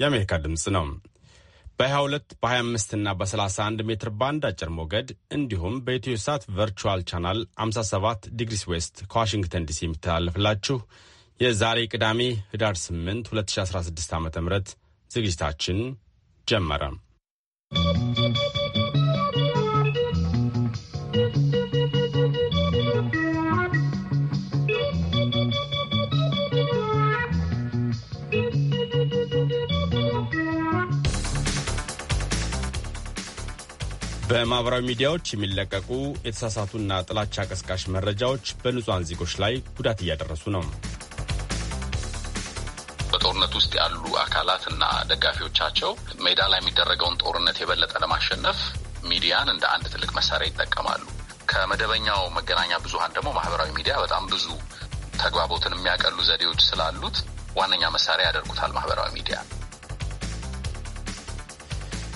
የአሜሪካ ድምፅ ነው። በ22 በ25 እና በ31 ሜትር ባንድ አጭር ሞገድ እንዲሁም በኢትዮ ሳት ቨርቹዋል ቻናል 57 ዲግሪስ ዌስት ከዋሽንግተን ዲሲ የሚተላለፍላችሁ የዛሬ ቅዳሜ ህዳር 8 2016 ዓ ም ዝግጅታችን ጀመረ። በማኅበራዊ ሚዲያዎች የሚለቀቁ የተሳሳቱና ጥላቻ ቀስቃሽ መረጃዎች በንጹሐን ዜጎች ላይ ጉዳት እያደረሱ ነው። በጦርነት ውስጥ ያሉ አካላት እና ደጋፊዎቻቸው ሜዳ ላይ የሚደረገውን ጦርነት የበለጠ ለማሸነፍ ሚዲያን እንደ አንድ ትልቅ መሳሪያ ይጠቀማሉ። ከመደበኛው መገናኛ ብዙሃን ደግሞ ማህበራዊ ሚዲያ በጣም ብዙ ተግባቦትን የሚያቀሉ ዘዴዎች ስላሉት ዋነኛ መሳሪያ ያደርጉታል ማህበራዊ ሚዲያ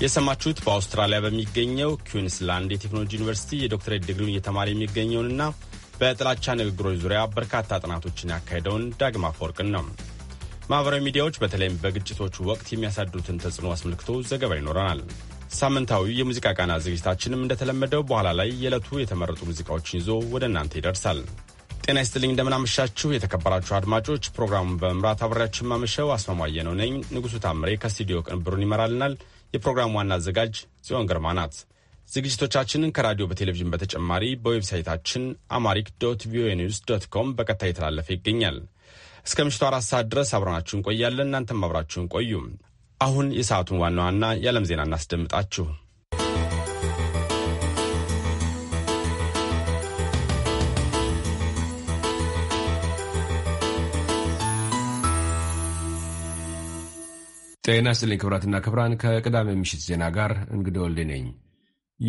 የሰማችሁት በአውስትራሊያ በሚገኘው ኩዊንስላንድ የቴክኖሎጂ ዩኒቨርሲቲ የዶክትሬት ዲግሪውን እየተማረ የሚገኘውንና በጥላቻ ንግግሮች ዙሪያ በርካታ ጥናቶችን ያካሄደውን ዳግማ አፈወርቅን ነው። ማኅበራዊ ሚዲያዎች በተለይም በግጭቶቹ ወቅት የሚያሳድሩትን ተጽዕኖ አስመልክቶ ዘገባ ይኖረናል። ሳምንታዊ የሙዚቃ ቃና ዝግጅታችንም እንደተለመደው በኋላ ላይ የዕለቱ የተመረጡ ሙዚቃዎችን ይዞ ወደ እናንተ ይደርሳል። ጤና ይስጥልኝ፣ እንደምናመሻችሁ የተከበራችሁ አድማጮች። ፕሮግራሙን በመምራት አብሬያችን ማመሸው አስማማየ ነው ነኝ። ንጉሡ ታምሬ ከስቱዲዮ ቅንብሩን ይመራልናል። የፕሮግራሙ ዋና አዘጋጅ ጽዮን ግርማ ናት። ዝግጅቶቻችንን ከራዲዮ በቴሌቪዥን በተጨማሪ በዌብሳይታችን አማሪክ ዶት ቪኦኤ ኒውስ ዶት ኮም በቀጥታ የተላለፈ ይገኛል። እስከ ምሽቱ አራት ሰዓት ድረስ አብረናችሁ እንቆያለን። እናንተም አብራችሁን ቆዩ። አሁን የሰዓቱን ዋና ዋና የዓለም ዜና እናስደምጣችሁ። ጤና ስልኝ ክብራትና ክብራን ከቅዳሜ ምሽት ዜና ጋር እንግዳ ወልዴ ነኝ።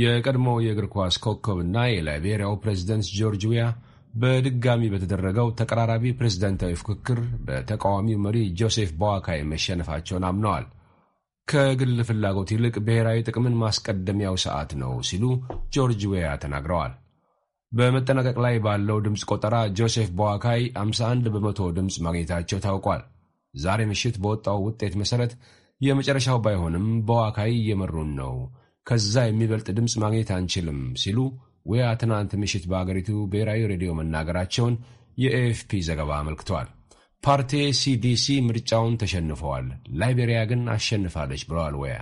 የቀድሞው የእግር ኳስ ኮከብና የላይቤሪያው ፕሬዚደንት ጆርጅ ዊያ በድጋሚ በተደረገው ተቀራራቢ ፕሬዝደንታዊ ፉክክር በተቃዋሚው መሪ ጆሴፍ ቦዋካይ መሸነፋቸውን አምነዋል። ከግል ፍላጎት ይልቅ ብሔራዊ ጥቅምን ማስቀደሚያው ሰዓት ነው ሲሉ ጆርጅ ዌያ ተናግረዋል። በመጠናቀቅ ላይ ባለው ድምፅ ቆጠራ ጆሴፍ ቦዋካይ 51 በመቶ ድምፅ ማግኘታቸው ታውቋል። ዛሬ ምሽት በወጣው ውጤት መሠረት የመጨረሻው ባይሆንም በዋካይ እየመሩን ነው፣ ከዛ የሚበልጥ ድምፅ ማግኘት አንችልም ሲሉ ውያ ትናንት ምሽት በአገሪቱ ብሔራዊ ሬዲዮ መናገራቸውን የኤኤፍፒ ዘገባ አመልክቷል። ፓርቴ ሲዲሲ ምርጫውን ተሸንፈዋል፣ ላይቤሪያ ግን አሸንፋለች ብለዋል ወያ።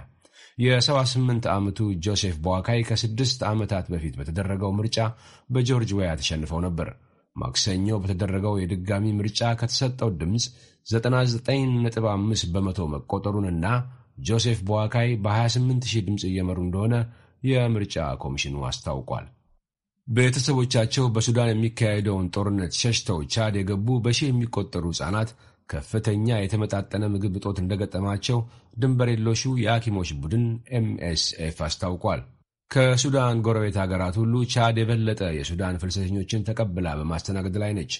የ78 ዓመቱ ጆሴፍ በዋካይ ከስድስት ዓመታት በፊት በተደረገው ምርጫ በጆርጅ ወያ ተሸንፈው ነበር። ማክሰኞ በተደረገው የድጋሚ ምርጫ ከተሰጠው ድምፅ 99.5 በመቶ መቆጠሩንና ጆሴፍ በዋካይ በ28,000 ድምፅ እየመሩ እንደሆነ የምርጫ ኮሚሽኑ አስታውቋል። ቤተሰቦቻቸው በሱዳን የሚካሄደውን ጦርነት ሸሽተው ቻድ የገቡ በሺህ የሚቆጠሩ ሕፃናት ከፍተኛ የተመጣጠነ ምግብ እጦት እንደገጠማቸው ድንበር የለሹ የሐኪሞች ቡድን ኤምኤስኤፍ አስታውቋል። ከሱዳን ጎረቤት ሀገራት ሁሉ ቻድ የበለጠ የሱዳን ፍልሰተኞችን ተቀብላ በማስተናገድ ላይ ነች።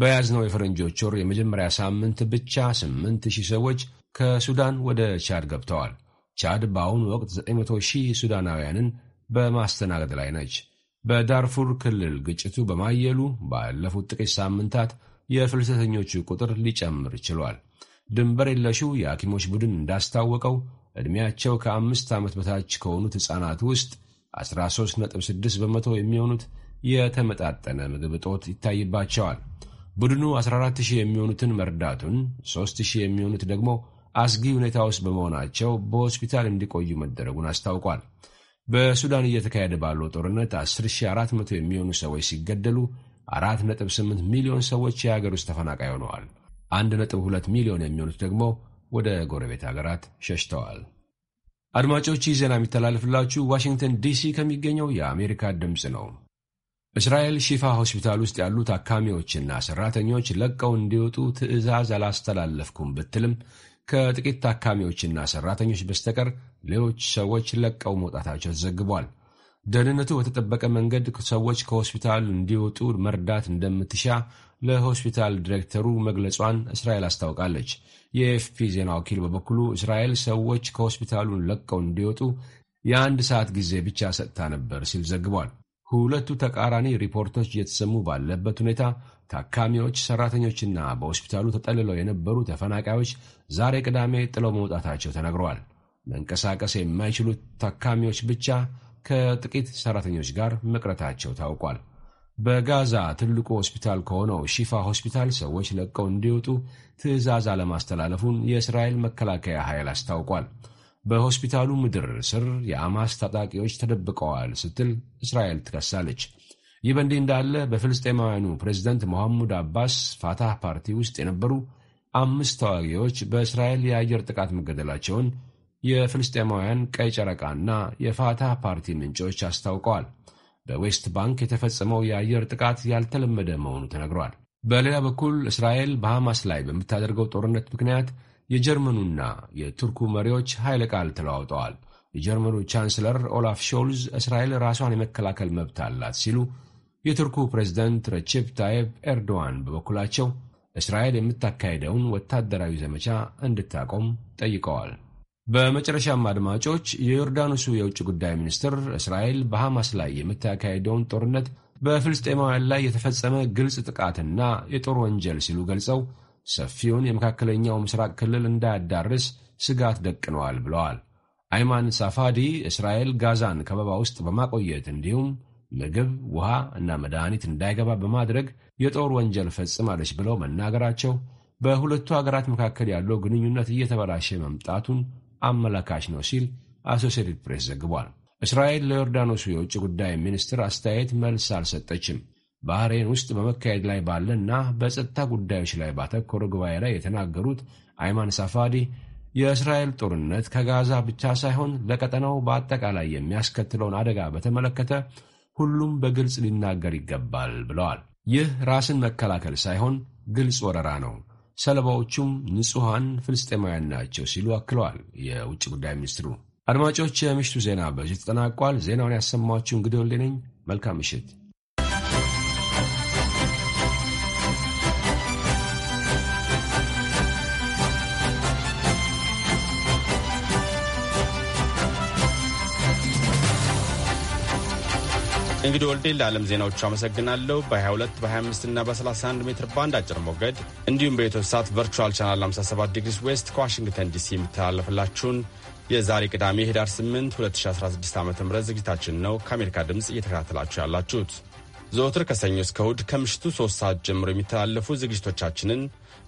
በያዝነው የፈረንጆች ወር የመጀመሪያ ሳምንት ብቻ 8000 ሰዎች ከሱዳን ወደ ቻድ ገብተዋል። ቻድ በአሁኑ ወቅት 900 ሺህ ሱዳናውያንን በማስተናገድ ላይ ነች። በዳርፉር ክልል ግጭቱ በማየሉ ባለፉት ጥቂት ሳምንታት የፍልሰተኞቹ ቁጥር ሊጨምር ችሏል። ድንበር የለሹ የሐኪሞች ቡድን እንዳስታወቀው ዕድሜያቸው ከአምስት ዓመት በታች ከሆኑት ሕፃናት ውስጥ 13.6 በመቶ የሚሆኑት የተመጣጠነ ምግብ እጦት ይታይባቸዋል። ቡድኑ 14,000 የሚሆኑትን መርዳቱን፣ 3,000 የሚሆኑት ደግሞ አስጊ ሁኔታ ውስጥ በመሆናቸው በሆስፒታል እንዲቆዩ መደረጉን አስታውቋል። በሱዳን እየተካሄደ ባለው ጦርነት 10,400 የሚሆኑ ሰዎች ሲገደሉ 4.8 ሚሊዮን ሰዎች የሀገር ውስጥ ተፈናቃይ ሆነዋል። 1.2 ሚሊዮን የሚሆኑት ደግሞ ወደ ጎረቤት ሀገራት ሸሽተዋል። አድማጮች ይህ ዜና የሚተላለፍላችሁ ዋሽንግተን ዲሲ ከሚገኘው የአሜሪካ ድምፅ ነው። እስራኤል ሺፋ ሆስፒታል ውስጥ ያሉ ታካሚዎችና ሠራተኞች ለቀው እንዲወጡ ትዕዛዝ አላስተላለፍኩም ብትልም ከጥቂት ታካሚዎችና ሠራተኞች በስተቀር ሌሎች ሰዎች ለቀው መውጣታቸው ተዘግቧል። ደህንነቱ በተጠበቀ መንገድ ሰዎች ከሆስፒታል እንዲወጡ መርዳት እንደምትሻ ለሆስፒታል ዲሬክተሩ መግለጿን እስራኤል አስታውቃለች። የኤፍፒ ዜና ወኪል በበኩሉ እስራኤል ሰዎች ከሆስፒታሉን ለቀው እንዲወጡ የአንድ ሰዓት ጊዜ ብቻ ሰጥታ ነበር ሲል ዘግቧል። ሁለቱ ተቃራኒ ሪፖርቶች እየተሰሙ ባለበት ሁኔታ ታካሚዎች፣ ሰራተኞችና በሆስፒታሉ ተጠልለው የነበሩ ተፈናቃዮች ዛሬ ቅዳሜ ጥለው መውጣታቸው ተነግረዋል። መንቀሳቀስ የማይችሉት ታካሚዎች ብቻ ከጥቂት ሰራተኞች ጋር መቅረታቸው ታውቋል። በጋዛ ትልቁ ሆስፒታል ከሆነው ሺፋ ሆስፒታል ሰዎች ለቀው እንዲወጡ ትዕዛዝ አለማስተላለፉን የእስራኤል መከላከያ ኃይል አስታውቋል። በሆስፒታሉ ምድር ስር የአማስ ታጣቂዎች ተደብቀዋል ስትል እስራኤል ትከሳለች። ይህ በእንዲህ እንዳለ በፍልስጤማውያኑ ፕሬዚደንት መሐሙድ አባስ ፋታህ ፓርቲ ውስጥ የነበሩ አምስት ተዋጊዎች በእስራኤል የአየር ጥቃት መገደላቸውን የፍልስጤማውያን ቀይ ጨረቃና የፋታህ ፓርቲ ምንጮች አስታውቀዋል። በዌስት ባንክ የተፈጸመው የአየር ጥቃት ያልተለመደ መሆኑ ተነግሯል። በሌላ በኩል እስራኤል በሐማስ ላይ በምታደርገው ጦርነት ምክንያት የጀርመኑና የቱርኩ መሪዎች ኃይለ ቃል ተለዋውጠዋል። የጀርመኑ ቻንስለር ኦላፍ ሾልዝ እስራኤል ራሷን የመከላከል መብት አላት ሲሉ፣ የቱርኩ ፕሬዚደንት ረቼፕ ታይፕ ኤርዶዋን በበኩላቸው እስራኤል የምታካሄደውን ወታደራዊ ዘመቻ እንድታቆም ጠይቀዋል። በመጨረሻም አድማጮች የዮርዳኖሱ የውጭ ጉዳይ ሚኒስትር እስራኤል በሐማስ ላይ የምታካሄደውን ጦርነት በፍልስጤማውያን ላይ የተፈጸመ ግልጽ ጥቃትና የጦር ወንጀል ሲሉ ገልጸው ሰፊውን የመካከለኛው ምስራቅ ክልል እንዳያዳርስ ስጋት ደቅነዋል ብለዋል። አይማን ሳፋዲ እስራኤል ጋዛን ከበባ ውስጥ በማቆየት እንዲሁም ምግብ፣ ውሃ እና መድኃኒት እንዳይገባ በማድረግ የጦር ወንጀል ፈጽማለች ብለው መናገራቸው በሁለቱ ሀገራት መካከል ያለው ግንኙነት እየተበላሸ መምጣቱን አመላካች ነው ሲል አሶሴትድ ፕሬስ ዘግቧል። እስራኤል ለዮርዳኖሱ የውጭ ጉዳይ ሚኒስትር አስተያየት መልስ አልሰጠችም። ባህሬን ውስጥ በመካሄድ ላይ ባለ እና በጸጥታ ጉዳዮች ላይ ባተኮረ ጉባኤ ላይ የተናገሩት አይማን ሳፋዲ የእስራኤል ጦርነት ከጋዛ ብቻ ሳይሆን ለቀጠናው በአጠቃላይ የሚያስከትለውን አደጋ በተመለከተ ሁሉም በግልጽ ሊናገር ይገባል ብለዋል። ይህ ራስን መከላከል ሳይሆን ግልጽ ወረራ ነው። ሰለባዎቹም ንጹሐን ፍልስጤማውያን ናቸው ሲሉ አክለዋል የውጭ ጉዳይ ሚኒስትሩ። አድማጮች፣ የምሽቱ ዜና በዚህ ተጠናቋል። ዜናውን ያሰማችሁ እንግዲህ ወልዴ ነኝ። መልካም ምሽት። እንግዲህ ወልዴ ለዓለም ዜናዎቹ አመሰግናለሁ። በ22 በ25 እና በ31 ሜትር ባንድ አጭር ሞገድ እንዲሁም በኢትዮ ሳት ቨርቹዋል ቻናል 57 ዲግሪስ ዌስት ከዋሽንግተን ዲሲ የሚተላለፍላችሁን የዛሬ ቅዳሜ ህዳር 8 2016 ዓ ም ዝግጅታችን ነው ከአሜሪካ ድምፅ እየተከታተላችሁ ያላችሁት። ዘወትር ከሰኞ እስከ እሁድ ከምሽቱ 3 ሰዓት ጀምሮ የሚተላለፉ ዝግጅቶቻችንን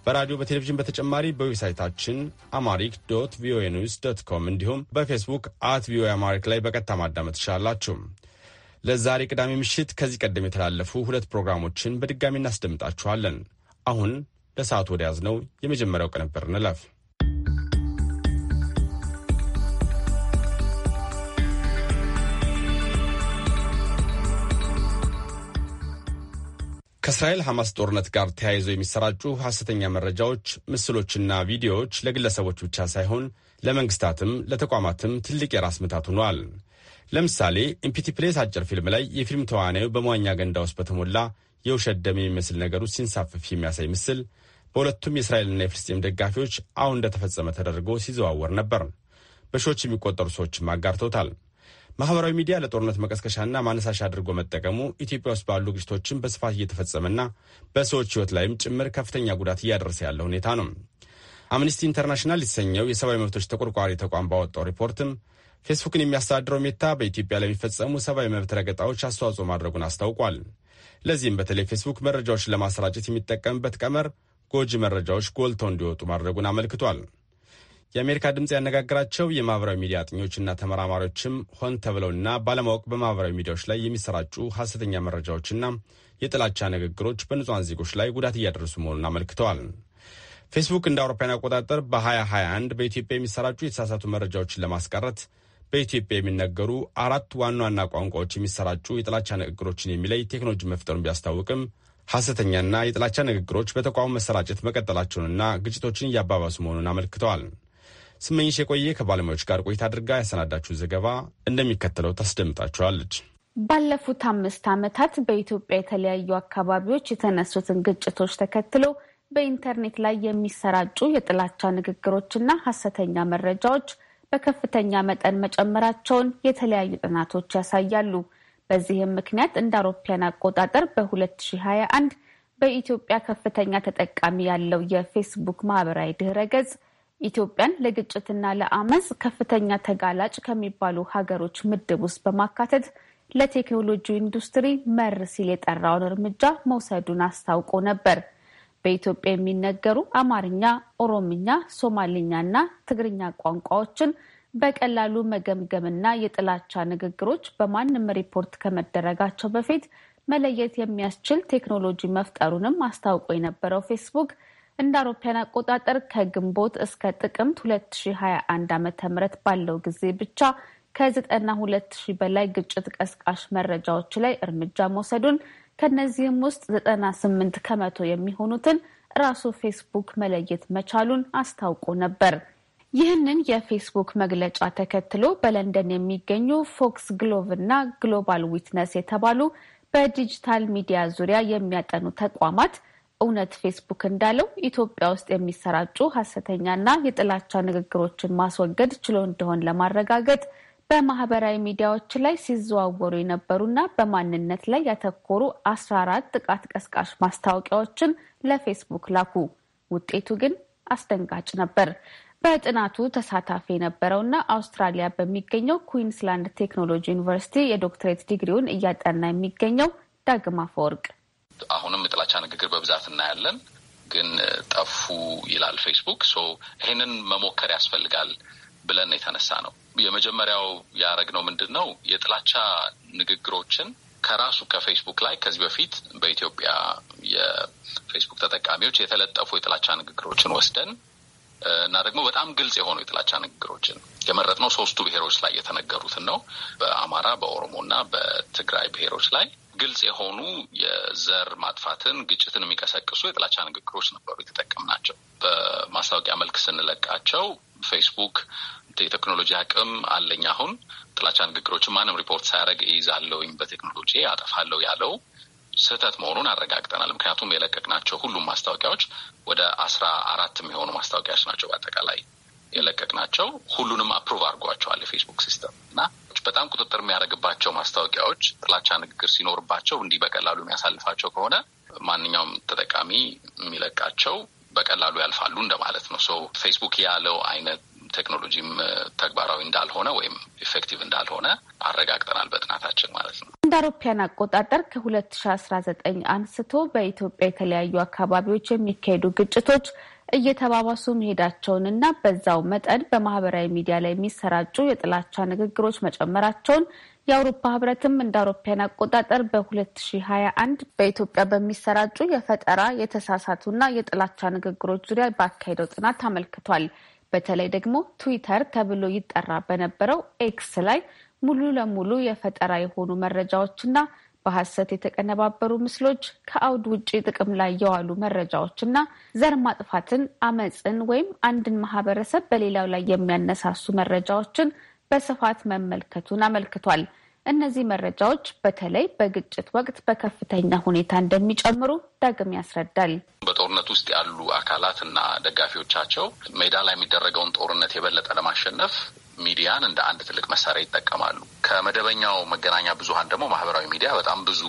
በራዲዮ በቴሌቪዥን በተጨማሪ በዌብሳይታችን አማሪክ ዶት ቪኦኤ ኒውስ ዶት ኮም እንዲሁም በፌስቡክ አት ቪኦኤ አማሪክ ላይ በቀጥታ ማዳመጥ ትችላላችሁ። ለዛሬ ቅዳሜ ምሽት ከዚህ ቀደም የተላለፉ ሁለት ፕሮግራሞችን በድጋሚ እናስደምጣችኋለን። አሁን ለሰዓቱ ወደ ያዝነው የመጀመሪያው ቅንብር እንለፍ። ከእስራኤል ሐማስ ጦርነት ጋር ተያይዘው የሚሰራጩ ሐሰተኛ መረጃዎች፣ ምስሎችና ቪዲዮዎች ለግለሰቦች ብቻ ሳይሆን ለመንግስታትም ለተቋማትም ትልቅ የራስ ምታት ሆኗል። ለምሳሌ ኢምፒቲፕሌስ አጭር ፊልም ላይ የፊልም ተዋናዩ በመዋኛ ገንዳ ውስጥ በተሞላ የውሸት ደም የሚመስል ነገሩ ሲንሳፍፍ የሚያሳይ ምስል በሁለቱም የእስራኤልና የፍልስጤም ደጋፊዎች አሁን እንደተፈጸመ ተደርጎ ሲዘዋወር ነበር። በሺዎች የሚቆጠሩ ሰዎችም አጋርተውታል። ማህበራዊ ሚዲያ ለጦርነት መቀስቀሻና ማነሳሻ አድርጎ መጠቀሙ ኢትዮጵያ ውስጥ ባሉ ግጭቶችን በስፋት እየተፈጸመና በሰዎች ሕይወት ላይም ጭምር ከፍተኛ ጉዳት እያደረሰ ያለ ሁኔታ ነው። አምኒስቲ ኢንተርናሽናል የተሰኘው የሰብአዊ መብቶች ተቆርቋሪ ተቋም ባወጣው ሪፖርትም ፌስቡክን የሚያስተዳድረው ሜታ በኢትዮጵያ ለሚፈጸሙ ሰብአዊ መብት ረገጣዎች አስተዋጽኦ ማድረጉን አስታውቋል። ለዚህም በተለይ ፌስቡክ መረጃዎችን ለማሰራጨት የሚጠቀምበት ቀመር ጎጂ መረጃዎች ጎልተው እንዲወጡ ማድረጉን አመልክቷል። የአሜሪካ ድምፅ ያነጋገራቸው የማህበራዊ ሚዲያ አጥኞችና ተመራማሪዎችም ሆን ተብለውና ባለማወቅ በማህበራዊ ሚዲያዎች ላይ የሚሰራጩ ሐሰተኛ መረጃዎችና የጥላቻ ንግግሮች በንጹሐን ዜጎች ላይ ጉዳት እያደረሱ መሆኑን አመልክተዋል። ፌስቡክ እንደ አውሮፓውያን አቆጣጠር በ2021 በኢትዮጵያ የሚሰራጩ የተሳሳቱ መረጃዎችን ለማስቀረት በኢትዮጵያ የሚነገሩ አራት ዋና ዋና ቋንቋዎች የሚሰራጩ የጥላቻ ንግግሮችን የሚለይ ቴክኖሎጂ መፍጠሩን ቢያስታውቅም ሐሰተኛና የጥላቻ ንግግሮች በተቋሙ መሰራጨት መቀጠላቸውንና ግጭቶችን እያባባሱ መሆኑን አመልክተዋል። ስመኝሽ የቆየ ከባለሙያዎች ጋር ቆይታ አድርጋ ያሰናዳችው ዘገባ እንደሚከተለው ታስደምጣችኋለች። ባለፉት አምስት ዓመታት በኢትዮጵያ የተለያዩ አካባቢዎች የተነሱትን ግጭቶች ተከትሎ በኢንተርኔት ላይ የሚሰራጩ የጥላቻ ንግግሮችና ሐሰተኛ መረጃዎች በከፍተኛ መጠን መጨመራቸውን የተለያዩ ጥናቶች ያሳያሉ። በዚህም ምክንያት እንደ አውሮፓውያን አቆጣጠር በ2021 በኢትዮጵያ ከፍተኛ ተጠቃሚ ያለው የፌስቡክ ማህበራዊ ድህረ ገጽ ኢትዮጵያን ለግጭትና ለአመፅ ከፍተኛ ተጋላጭ ከሚባሉ ሀገሮች ምድብ ውስጥ በማካተት ለቴክኖሎጂ ኢንዱስትሪ መር ሲል የጠራውን እርምጃ መውሰዱን አስታውቆ ነበር። በኢትዮጵያ የሚነገሩ አማርኛ፣ ኦሮምኛ፣ ሶማሊኛና ትግርኛ ቋንቋዎችን በቀላሉ መገምገምና የጥላቻ ንግግሮች በማንም ሪፖርት ከመደረጋቸው በፊት መለየት የሚያስችል ቴክኖሎጂ መፍጠሩንም አስታውቆ የነበረው ፌስቡክ እንደ አውሮፓውያን አቆጣጠር ከግንቦት እስከ ጥቅምት 2021 ዓ ም ባለው ጊዜ ብቻ ከ92 ሺህ በላይ ግጭት ቀስቃሽ መረጃዎች ላይ እርምጃ መውሰዱን ከእነዚህም ውስጥ ዘጠና ስምንት ከመቶ የሚሆኑትን ራሱ ፌስቡክ መለየት መቻሉን አስታውቆ ነበር። ይህንን የፌስቡክ መግለጫ ተከትሎ በለንደን የሚገኙ ፎክስ ግሎቭ እና ግሎባል ዊትነስ የተባሉ በዲጂታል ሚዲያ ዙሪያ የሚያጠኑ ተቋማት እውነት ፌስቡክ እንዳለው ኢትዮጵያ ውስጥ የሚሰራጩ ሀሰተኛና የጥላቻ ንግግሮችን ማስወገድ ችሎ እንደሆን ለማረጋገጥ በማህበራዊ ሚዲያዎች ላይ ሲዘዋወሩ የነበሩና በማንነት ላይ ያተኮሩ አስራ አራት ጥቃት ቀስቃሽ ማስታወቂያዎችን ለፌስቡክ ላኩ። ውጤቱ ግን አስደንጋጭ ነበር። በጥናቱ ተሳታፊ የነበረውና አውስትራሊያ በሚገኘው ኩዊንስላንድ ቴክኖሎጂ ዩኒቨርሲቲ የዶክትሬት ዲግሪውን እያጠና የሚገኘው ዳግማ አፈወርቅ አሁንም የጥላቻ ንግግር በብዛት እናያለን፣ ግን ጠፉ ይላል ፌስቡክ። ሶ ይህንን መሞከር ያስፈልጋል ብለን የተነሳ ነው። የመጀመሪያው ነው ምንድን ነው የጥላቻ ንግግሮችን ከራሱ ከፌስቡክ ላይ ከዚህ በፊት በኢትዮጵያ የፌስቡክ ተጠቃሚዎች የተለጠፉ የጥላቻ ንግግሮችን ወስደን እና ደግሞ በጣም ግልጽ የሆኑ የጥላቻ ንግግሮችን የመረጥነው ሶስቱ ብሔሮች ላይ የተነገሩትን ነው። በአማራ፣ በኦሮሞ እና በትግራይ ብሔሮች ላይ ግልጽ የሆኑ የዘር ማጥፋትን፣ ግጭትን የሚቀሰቅሱ የጥላቻ ንግግሮች ነበሩ የተጠቀምናቸው። በማስታወቂያ መልክ ስንለቃቸው ፌስቡክ የቴክኖሎጂ አቅም አለኝ። አሁን ጥላቻ ንግግሮችን ማንም ሪፖርት ሳያደርግ እይዛለሁኝ በቴክኖሎጂ አጠፋለው ያለው ስህተት መሆኑን አረጋግጠናል። ምክንያቱም የለቀቅናቸው ሁሉም ማስታወቂያዎች ወደ አስራ አራት የሚሆኑ ማስታወቂያዎች ናቸው በአጠቃላይ የለቀቅናቸው። ሁሉንም አፕሩቭ አድርጓቸዋል የፌስቡክ ሲስተም እና በጣም ቁጥጥር የሚያደርግባቸው ማስታወቂያዎች ጥላቻ ንግግር ሲኖርባቸው እንዲህ በቀላሉ የሚያሳልፋቸው ከሆነ ማንኛውም ተጠቃሚ የሚለቃቸው በቀላሉ ያልፋሉ እንደማለት ነው። ሶ ፌስቡክ ያለው አይነት ቴክኖሎጂም ተግባራዊ እንዳልሆነ ወይም ኢፌክቲቭ እንዳልሆነ አረጋግጠናል በጥናታችን ማለት ነው። እንደ አውሮፓውያን አቆጣጠር ከ2019 አንስቶ በኢትዮጵያ የተለያዩ አካባቢዎች የሚካሄዱ ግጭቶች እየተባባሱ መሄዳቸውን እና በዛው መጠን በማህበራዊ ሚዲያ ላይ የሚሰራጩ የጥላቻ ንግግሮች መጨመራቸውን የአውሮፓ ህብረትም እንደ አውሮፓያን አቆጣጠር በ2021 በኢትዮጵያ በሚሰራጩ የፈጠራ የተሳሳቱና የጥላቻ ንግግሮች ዙሪያ ባካሄደው ጥናት አመልክቷል። በተለይ ደግሞ ትዊተር ተብሎ ይጠራ በነበረው ኤክስ ላይ ሙሉ ለሙሉ የፈጠራ የሆኑ መረጃዎችና በሐሰት የተቀነባበሩ ምስሎች፣ ከአውድ ውጭ ጥቅም ላይ የዋሉ መረጃዎችና ዘር ማጥፋትን፣ አመፅን ወይም አንድን ማህበረሰብ በሌላው ላይ የሚያነሳሱ መረጃዎችን በስፋት መመልከቱን አመልክቷል። እነዚህ መረጃዎች በተለይ በግጭት ወቅት በከፍተኛ ሁኔታ እንደሚጨምሩ ዳግም ያስረዳል። በጦርነት ውስጥ ያሉ አካላት እና ደጋፊዎቻቸው ሜዳ ላይ የሚደረገውን ጦርነት የበለጠ ለማሸነፍ ሚዲያን እንደ አንድ ትልቅ መሳሪያ ይጠቀማሉ። ከመደበኛው መገናኛ ብዙኃን ደግሞ ማህበራዊ ሚዲያ በጣም ብዙ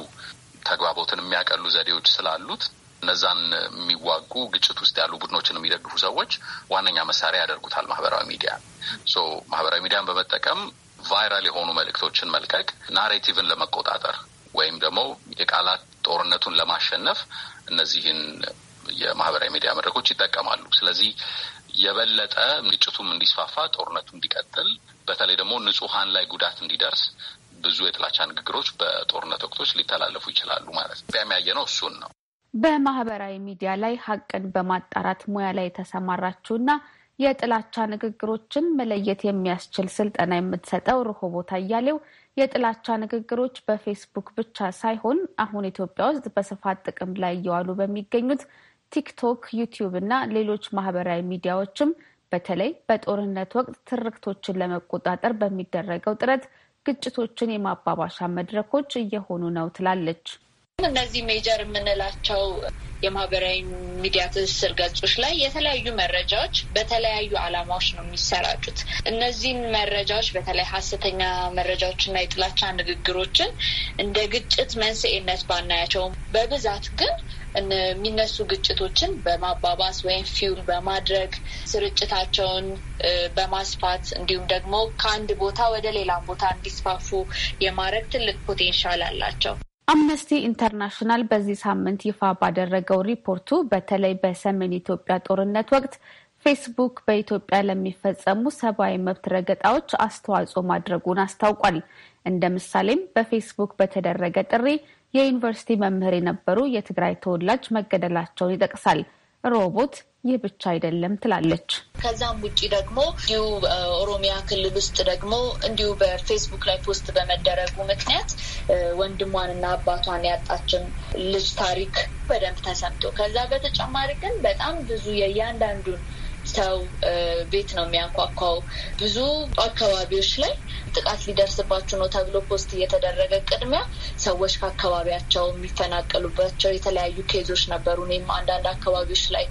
ተግባቦትን የሚያቀሉ ዘዴዎች ስላሉት እነዛን የሚዋጉ ግጭት ውስጥ ያሉ ቡድኖችን የሚደግፉ ሰዎች ዋነኛ መሳሪያ ያደርጉታል ማህበራዊ ሚዲያ። ማህበራዊ ሚዲያን በመጠቀም ቫይራል የሆኑ መልእክቶችን መልቀቅ ናሬቲቭን ለመቆጣጠር ወይም ደግሞ የቃላት ጦርነቱን ለማሸነፍ እነዚህን የማህበራዊ ሚዲያ መድረኮች ይጠቀማሉ። ስለዚህ የበለጠ ግጭቱም እንዲስፋፋ፣ ጦርነቱ እንዲቀጥል፣ በተለይ ደግሞ ንጹሐን ላይ ጉዳት እንዲደርስ ብዙ የጥላቻ ንግግሮች በጦርነት ወቅቶች ሊተላለፉ ይችላሉ ማለት ነው። የሚያየ ነው እሱን ነው። በማህበራዊ ሚዲያ ላይ ሀቅን በማጣራት ሙያ ላይ የተሰማራችሁና የጥላቻ ንግግሮችን መለየት የሚያስችል ስልጠና የምትሰጠው ርሆቦት አያሌው የጥላቻ ንግግሮች በፌስቡክ ብቻ ሳይሆን አሁን ኢትዮጵያ ውስጥ በስፋት ጥቅም ላይ እየዋሉ በሚገኙት ቲክቶክ፣ ዩቲዩብ እና ሌሎች ማህበራዊ ሚዲያዎችም በተለይ በጦርነት ወቅት ትርክቶችን ለመቆጣጠር በሚደረገው ጥረት ግጭቶችን የማባባሻ መድረኮች እየሆኑ ነው ትላለች። እነዚህ ሜጀር የምንላቸው የማህበራዊ ሚዲያ ትስስር ገጾች ላይ የተለያዩ መረጃዎች በተለያዩ ዓላማዎች ነው የሚሰራጩት። እነዚህን መረጃዎች በተለይ ሀሰተኛ መረጃዎችና የጥላቻ ንግግሮችን እንደ ግጭት መንስኤነት ባናያቸውም በብዛት ግን የሚነሱ ግጭቶችን በማባባስ ወይም ፊውል በማድረግ ስርጭታቸውን በማስፋት እንዲሁም ደግሞ ከአንድ ቦታ ወደ ሌላ ቦታ እንዲስፋፉ የማድረግ ትልቅ ፖቴንሻል አላቸው። አምነስቲ ኢንተርናሽናል በዚህ ሳምንት ይፋ ባደረገው ሪፖርቱ በተለይ በሰሜን ኢትዮጵያ ጦርነት ወቅት ፌስቡክ በኢትዮጵያ ለሚፈጸሙ ሰብአዊ መብት ረገጣዎች አስተዋጽኦ ማድረጉን አስታውቋል። እንደ ምሳሌም በፌስቡክ በተደረገ ጥሪ የዩኒቨርሲቲ መምህር የነበሩ የትግራይ ተወላጅ መገደላቸውን ይጠቅሳል። ሮቦት ይህ ብቻ አይደለም ትላለች። ከዛም ውጭ ደግሞ እንዲሁ ኦሮሚያ ክልል ውስጥ ደግሞ እንዲሁ በፌስቡክ ላይ ፖስት በመደረጉ ምክንያት ወንድሟንና አባቷን ያጣችን ልጅ ታሪክ በደንብ ተሰምቶ ከዛ በተጨማሪ ግን በጣም ብዙ የእያንዳንዱን ሰው ቤት ነው የሚያንኳኳው። ብዙ አካባቢዎች ላይ ጥቃት ሊደርስባችሁ ነው ተብሎ ፖስት እየተደረገ ቅድሚያ ሰዎች ከአካባቢያቸው የሚፈናቀሉባቸው የተለያዩ ኬዞች ነበሩ። እኔም አንዳንድ አካባቢዎች ላይ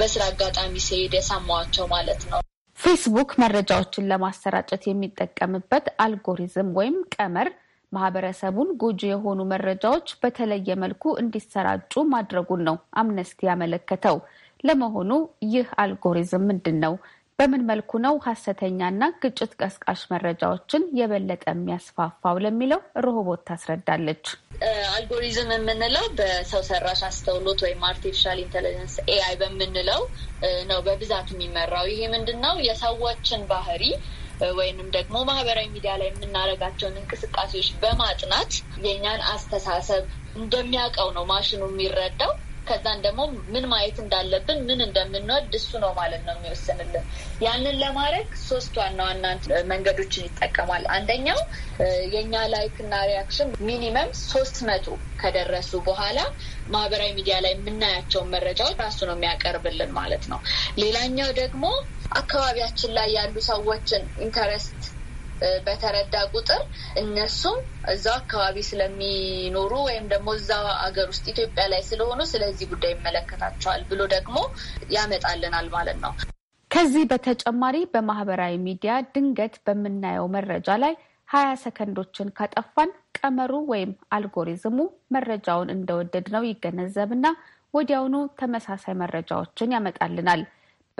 በስራ አጋጣሚ ሲሄድ የሰማኋቸው ማለት ነው። ፌስቡክ መረጃዎችን ለማሰራጨት የሚጠቀምበት አልጎሪዝም ወይም ቀመር ማህበረሰቡን ጎጂ የሆኑ መረጃዎች በተለየ መልኩ እንዲሰራጩ ማድረጉን ነው አምነስቲ ያመለከተው። ለመሆኑ ይህ አልጎሪዝም ምንድን ነው? በምን መልኩ ነው ሀሰተኛና ግጭት ቀስቃሽ መረጃዎችን የበለጠ የሚያስፋፋው ለሚለው ሮቦት ታስረዳለች። አልጎሪዝም የምንለው በሰው ሰራሽ አስተውሎት ወይም አርቲፊሻል ኢንቴሊጀንስ ኤአይ በምንለው ነው በብዛት የሚመራው። ይሄ ምንድን ነው የሰዎችን ባህሪ ወይንም ደግሞ ማህበራዊ ሚዲያ ላይ የምናደርጋቸውን እንቅስቃሴዎች በማጥናት የእኛን አስተሳሰብ እንደሚያውቀው ነው ማሽኑ የሚረዳው። ከዛን ደግሞ ምን ማየት እንዳለብን ምን እንደምንወድ እሱ ነው ማለት ነው የሚወስንልን። ያንን ለማድረግ ሶስት ዋና ዋና መንገዶችን ይጠቀማል። አንደኛው የእኛ ላይክ እና ሪያክሽን ሚኒመም ሶስት መቶ ከደረሱ በኋላ ማህበራዊ ሚዲያ ላይ የምናያቸውን መረጃዎች ራሱ ነው የሚያቀርብልን ማለት ነው። ሌላኛው ደግሞ አካባቢያችን ላይ ያሉ ሰዎችን ኢንተረስት በተረዳ ቁጥር እነሱም እዛው አካባቢ ስለሚኖሩ ወይም ደግሞ እዛ ሀገር ውስጥ ኢትዮጵያ ላይ ስለሆኑ ስለዚህ ጉዳይ ይመለከታቸዋል ብሎ ደግሞ ያመጣልናል ማለት ነው። ከዚህ በተጨማሪ በማህበራዊ ሚዲያ ድንገት በምናየው መረጃ ላይ ሀያ ሰከንዶችን ካጠፋን ቀመሩ ወይም አልጎሪዝሙ መረጃውን እንደወደድ ነው ይገነዘብና ወዲያውኑ ተመሳሳይ መረጃዎችን ያመጣልናል።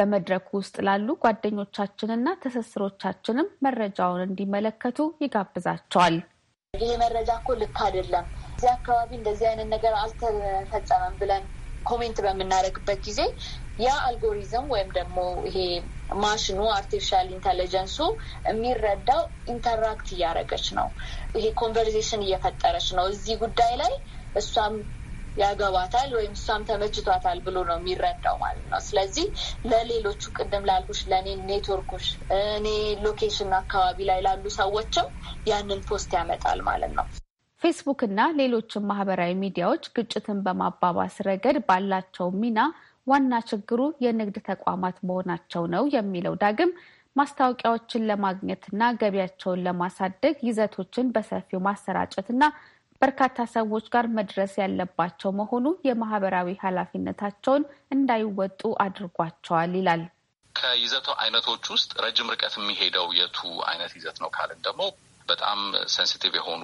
በመድረኩ ውስጥ ላሉ ጓደኞቻችንና ትስስሮቻችንም መረጃውን እንዲመለከቱ ይጋብዛቸዋል። ይሄ መረጃ እኮ ልክ አይደለም፣ እዚህ አካባቢ እንደዚህ አይነት ነገር አልተፈጸመም ብለን ኮሜንት በምናደርግበት ጊዜ ያ አልጎሪዝም ወይም ደግሞ ይሄ ማሽኑ አርቲፊሻል ኢንቴሊጀንሱ የሚረዳው ኢንተራክት እያደረገች ነው፣ ይሄ ኮንቨርዜሽን እየፈጠረች ነው እዚህ ጉዳይ ላይ እሷም ያገባታል ወይም እሷም ተመችቷታል ብሎ ነው የሚረዳው ማለት ነው። ስለዚህ ለሌሎቹ ቅድም ላልኩሽ ለእኔ ኔትወርኮች እኔ ሎኬሽን አካባቢ ላይ ላሉ ሰዎችም ያንን ፖስት ያመጣል ማለት ነው። ፌስቡክ እና ሌሎችም ማህበራዊ ሚዲያዎች ግጭትን በማባባስ ረገድ ባላቸው ሚና ዋና ችግሩ የንግድ ተቋማት መሆናቸው ነው የሚለው ዳግም ማስታወቂያዎችን ለማግኘትና ገቢያቸውን ለማሳደግ ይዘቶችን በሰፊው ማሰራጨትና በርካታ ሰዎች ጋር መድረስ ያለባቸው መሆኑ የማህበራዊ ኃላፊነታቸውን እንዳይወጡ አድርጓቸዋል ይላል። ከይዘቱ አይነቶች ውስጥ ረጅም ርቀት የሚሄደው የቱ አይነት ይዘት ነው ካልን ደግሞ በጣም ሴንሲቲቭ የሆኑ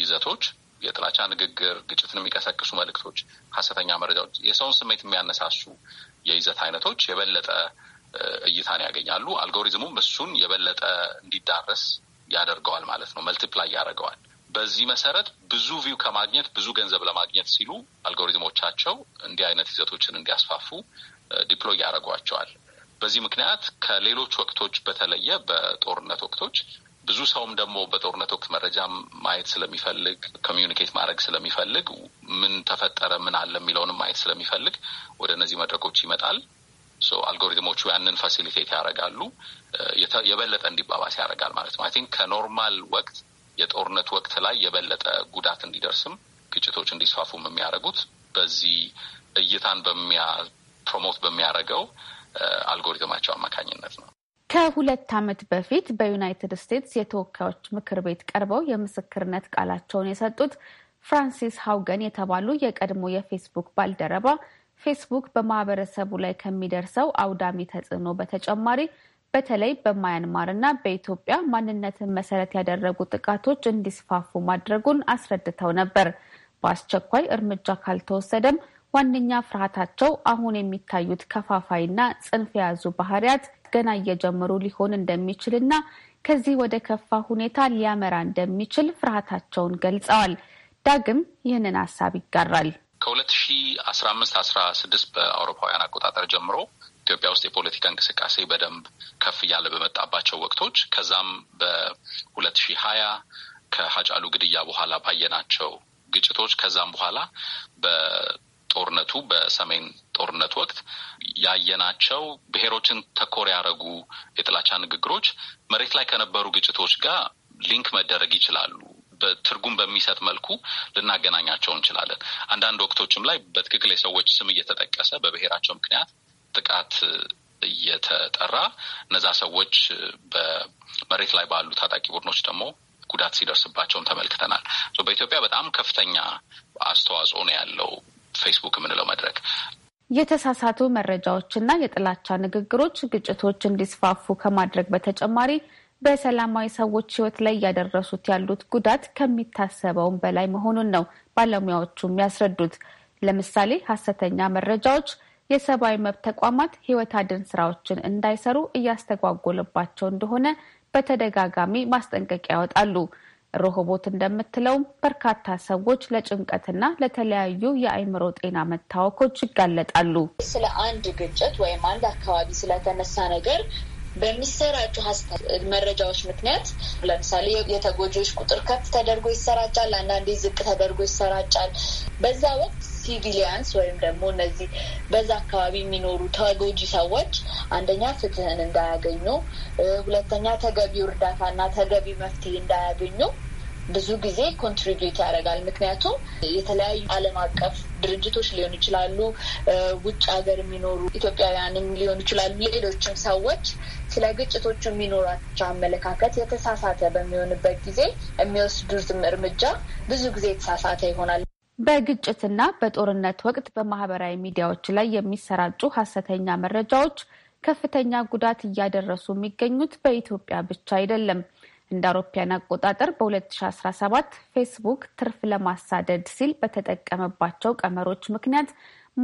ይዘቶች፣ የጥላቻ ንግግር፣ ግጭትን የሚቀሰቅሱ መልእክቶች፣ ሀሰተኛ መረጃዎች፣ የሰውን ስሜት የሚያነሳሱ የይዘት አይነቶች የበለጠ እይታን ያገኛሉ። አልጎሪዝሙም እሱን የበለጠ እንዲዳረስ ያደርገዋል ማለት ነው። መልቲፕላይ ያደርገዋል። በዚህ መሰረት ብዙ ቪው ከማግኘት ብዙ ገንዘብ ለማግኘት ሲሉ አልጎሪዝሞቻቸው እንዲህ አይነት ይዘቶችን እንዲያስፋፉ ዲፕሎይ ያደርጓቸዋል። በዚህ ምክንያት ከሌሎች ወቅቶች በተለየ በጦርነት ወቅቶች ብዙ ሰውም ደግሞ በጦርነት ወቅት መረጃ ማየት ስለሚፈልግ ኮሚዩኒኬት ማድረግ ስለሚፈልግ ምን ተፈጠረ ምን አለ የሚለውንም ማየት ስለሚፈልግ ወደ እነዚህ መድረኮች ይመጣል። አልጎሪትሞቹ ያንን ፋሲሊቴት ያደርጋሉ፣ የበለጠ እንዲባባስ ያደርጋል ማለት ነው። አይ ቲንክ ከኖርማል ወቅት የጦርነት ወቅት ላይ የበለጠ ጉዳት እንዲደርስም ግጭቶች እንዲስፋፉም የሚያደርጉት በዚህ እይታን በሚያ ፕሮሞት በሚያደርገው አልጎሪትማቸው አማካኝነት ነው። ከሁለት ዓመት በፊት በዩናይትድ ስቴትስ የተወካዮች ምክር ቤት ቀርበው የምስክርነት ቃላቸውን የሰጡት ፍራንሲስ ሀውገን የተባሉ የቀድሞ የፌስቡክ ባልደረባ ፌስቡክ በማህበረሰቡ ላይ ከሚደርሰው አውዳሚ ተጽዕኖ በተጨማሪ በተለይ በማያንማር እና በኢትዮጵያ ማንነትን መሰረት ያደረጉ ጥቃቶች እንዲስፋፉ ማድረጉን አስረድተው ነበር። በአስቸኳይ እርምጃ ካልተወሰደም ዋነኛ ፍርሃታቸው አሁን የሚታዩት ከፋፋይና ጽንፍ የያዙ ባህሪያት ገና እየጀመሩ ሊሆን እንደሚችል እና ከዚህ ወደ ከፋ ሁኔታ ሊያመራ እንደሚችል ፍርሃታቸውን ገልጸዋል። ዳግም ይህንን ሀሳብ ይጋራል። ከሁለት ሺ አስራ አምስት አስራ ስድስት በአውሮፓውያን አቆጣጠር ጀምሮ ኢትዮጵያ ውስጥ የፖለቲካ እንቅስቃሴ በደንብ ከፍ እያለ በመጣባቸው ወቅቶች ከዛም በሁለት ሺህ ሀያ ከሀጫሉ ግድያ በኋላ ባየናቸው ግጭቶች ከዛም በኋላ በጦርነቱ በሰሜን ጦርነት ወቅት ያየናቸው ብሔሮችን ተኮር ያደረጉ የጥላቻ ንግግሮች መሬት ላይ ከነበሩ ግጭቶች ጋር ሊንክ መደረግ ይችላሉ። በትርጉም በሚሰጥ መልኩ ልናገናኛቸው እንችላለን። አንዳንድ ወቅቶችም ላይ በትክክል የሰዎች ስም እየተጠቀሰ በብሔራቸው ምክንያት ጥቃት እየተጠራ እነዛ ሰዎች በመሬት ላይ ባሉ ታጣቂ ቡድኖች ደግሞ ጉዳት ሲደርስባቸውም ተመልክተናል። በኢትዮጵያ በጣም ከፍተኛ አስተዋጽኦ ነው ያለው ፌስቡክ የምንለው መድረክ። የተሳሳቱ መረጃዎችና የጥላቻ ንግግሮች ግጭቶች እንዲስፋፉ ከማድረግ በተጨማሪ በሰላማዊ ሰዎች ሕይወት ላይ እያደረሱት ያሉት ጉዳት ከሚታሰበውም በላይ መሆኑን ነው ባለሙያዎቹም ያስረዱት። ለምሳሌ ሀሰተኛ መረጃዎች የሰብአዊ መብት ተቋማት ህይወት አድን ስራዎችን እንዳይሰሩ እያስተጓጎለባቸው እንደሆነ በተደጋጋሚ ማስጠንቀቂያ ያወጣሉ። ሮሆቦት እንደምትለውም በርካታ ሰዎች ለጭንቀትና ለተለያዩ የአእምሮ ጤና መታወኮች ይጋለጣሉ። ስለ አንድ ግጭት ወይም አንድ አካባቢ ስለተነሳ ነገር በሚሰራጩ መረጃዎች ምክንያት ለምሳሌ የተጎጂዎች ቁጥር ከፍ ተደርጎ ይሰራጫል፣ አንዳንዴ ዝቅ ተደርጎ ይሰራጫል። በዛ ወቅት ሲቪሊያንስ ወይም ደግሞ እነዚህ በዛ አካባቢ የሚኖሩ ተጎጂ ሰዎች አንደኛ ፍትህን እንዳያገኙ፣ ሁለተኛ ተገቢው እርዳታና ተገቢ መፍትሄ እንዳያገኙ ብዙ ጊዜ ኮንትሪቢዩት ያደርጋል። ምክንያቱም የተለያዩ ዓለም አቀፍ ድርጅቶች ሊሆኑ ይችላሉ፣ ውጭ ሀገር የሚኖሩ ኢትዮጵያውያንም ሊሆኑ ይችላሉ። ሌሎችም ሰዎች ስለ ግጭቶቹ የሚኖራቸው አመለካከት የተሳሳተ በሚሆንበት ጊዜ የሚወስዱትም እርምጃ ብዙ ጊዜ የተሳሳተ ይሆናል። በግጭትና በጦርነት ወቅት በማህበራዊ ሚዲያዎች ላይ የሚሰራጩ ሀሰተኛ መረጃዎች ከፍተኛ ጉዳት እያደረሱ የሚገኙት በኢትዮጵያ ብቻ አይደለም። እንደ አውሮፓያን አቆጣጠር በ2017 ፌስቡክ ትርፍ ለማሳደድ ሲል በተጠቀመባቸው ቀመሮች ምክንያት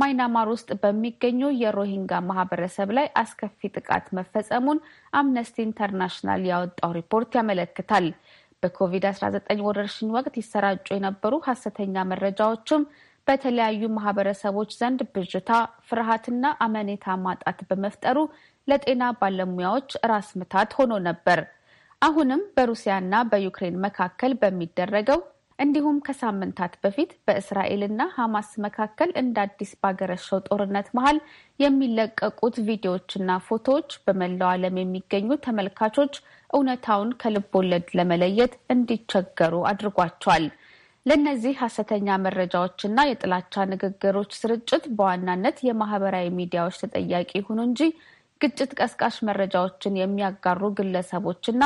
ማይናማር ውስጥ በሚገኙ የሮሂንጋ ማህበረሰብ ላይ አስከፊ ጥቃት መፈጸሙን አምነስቲ ኢንተርናሽናል ያወጣው ሪፖርት ያመለክታል። በኮቪድ-19 ወረርሽኝ ወቅት ይሰራጩ የነበሩ ሀሰተኛ መረጃዎችም በተለያዩ ማህበረሰቦች ዘንድ ብዥታ፣ ፍርሃትና አመኔታ ማጣት በመፍጠሩ ለጤና ባለሙያዎች ራስ ምታት ሆኖ ነበር። አሁንም በሩሲያና በዩክሬን መካከል በሚደረገው እንዲሁም ከሳምንታት በፊት በእስራኤልና ሐማስ መካከል እንደ አዲስ ባገረሸው ጦርነት መሀል የሚለቀቁት ቪዲዮዎችና ፎቶዎች በመላው ዓለም የሚገኙ ተመልካቾች እውነታውን ከልብ ወለድ ለመለየት እንዲቸገሩ አድርጓቸዋል። ለእነዚህ ሀሰተኛ መረጃዎችና የጥላቻ ንግግሮች ስርጭት በዋናነት የማህበራዊ ሚዲያዎች ተጠያቂ ይሁኑ እንጂ ግጭት ቀስቃሽ መረጃዎችን የሚያጋሩ ግለሰቦችና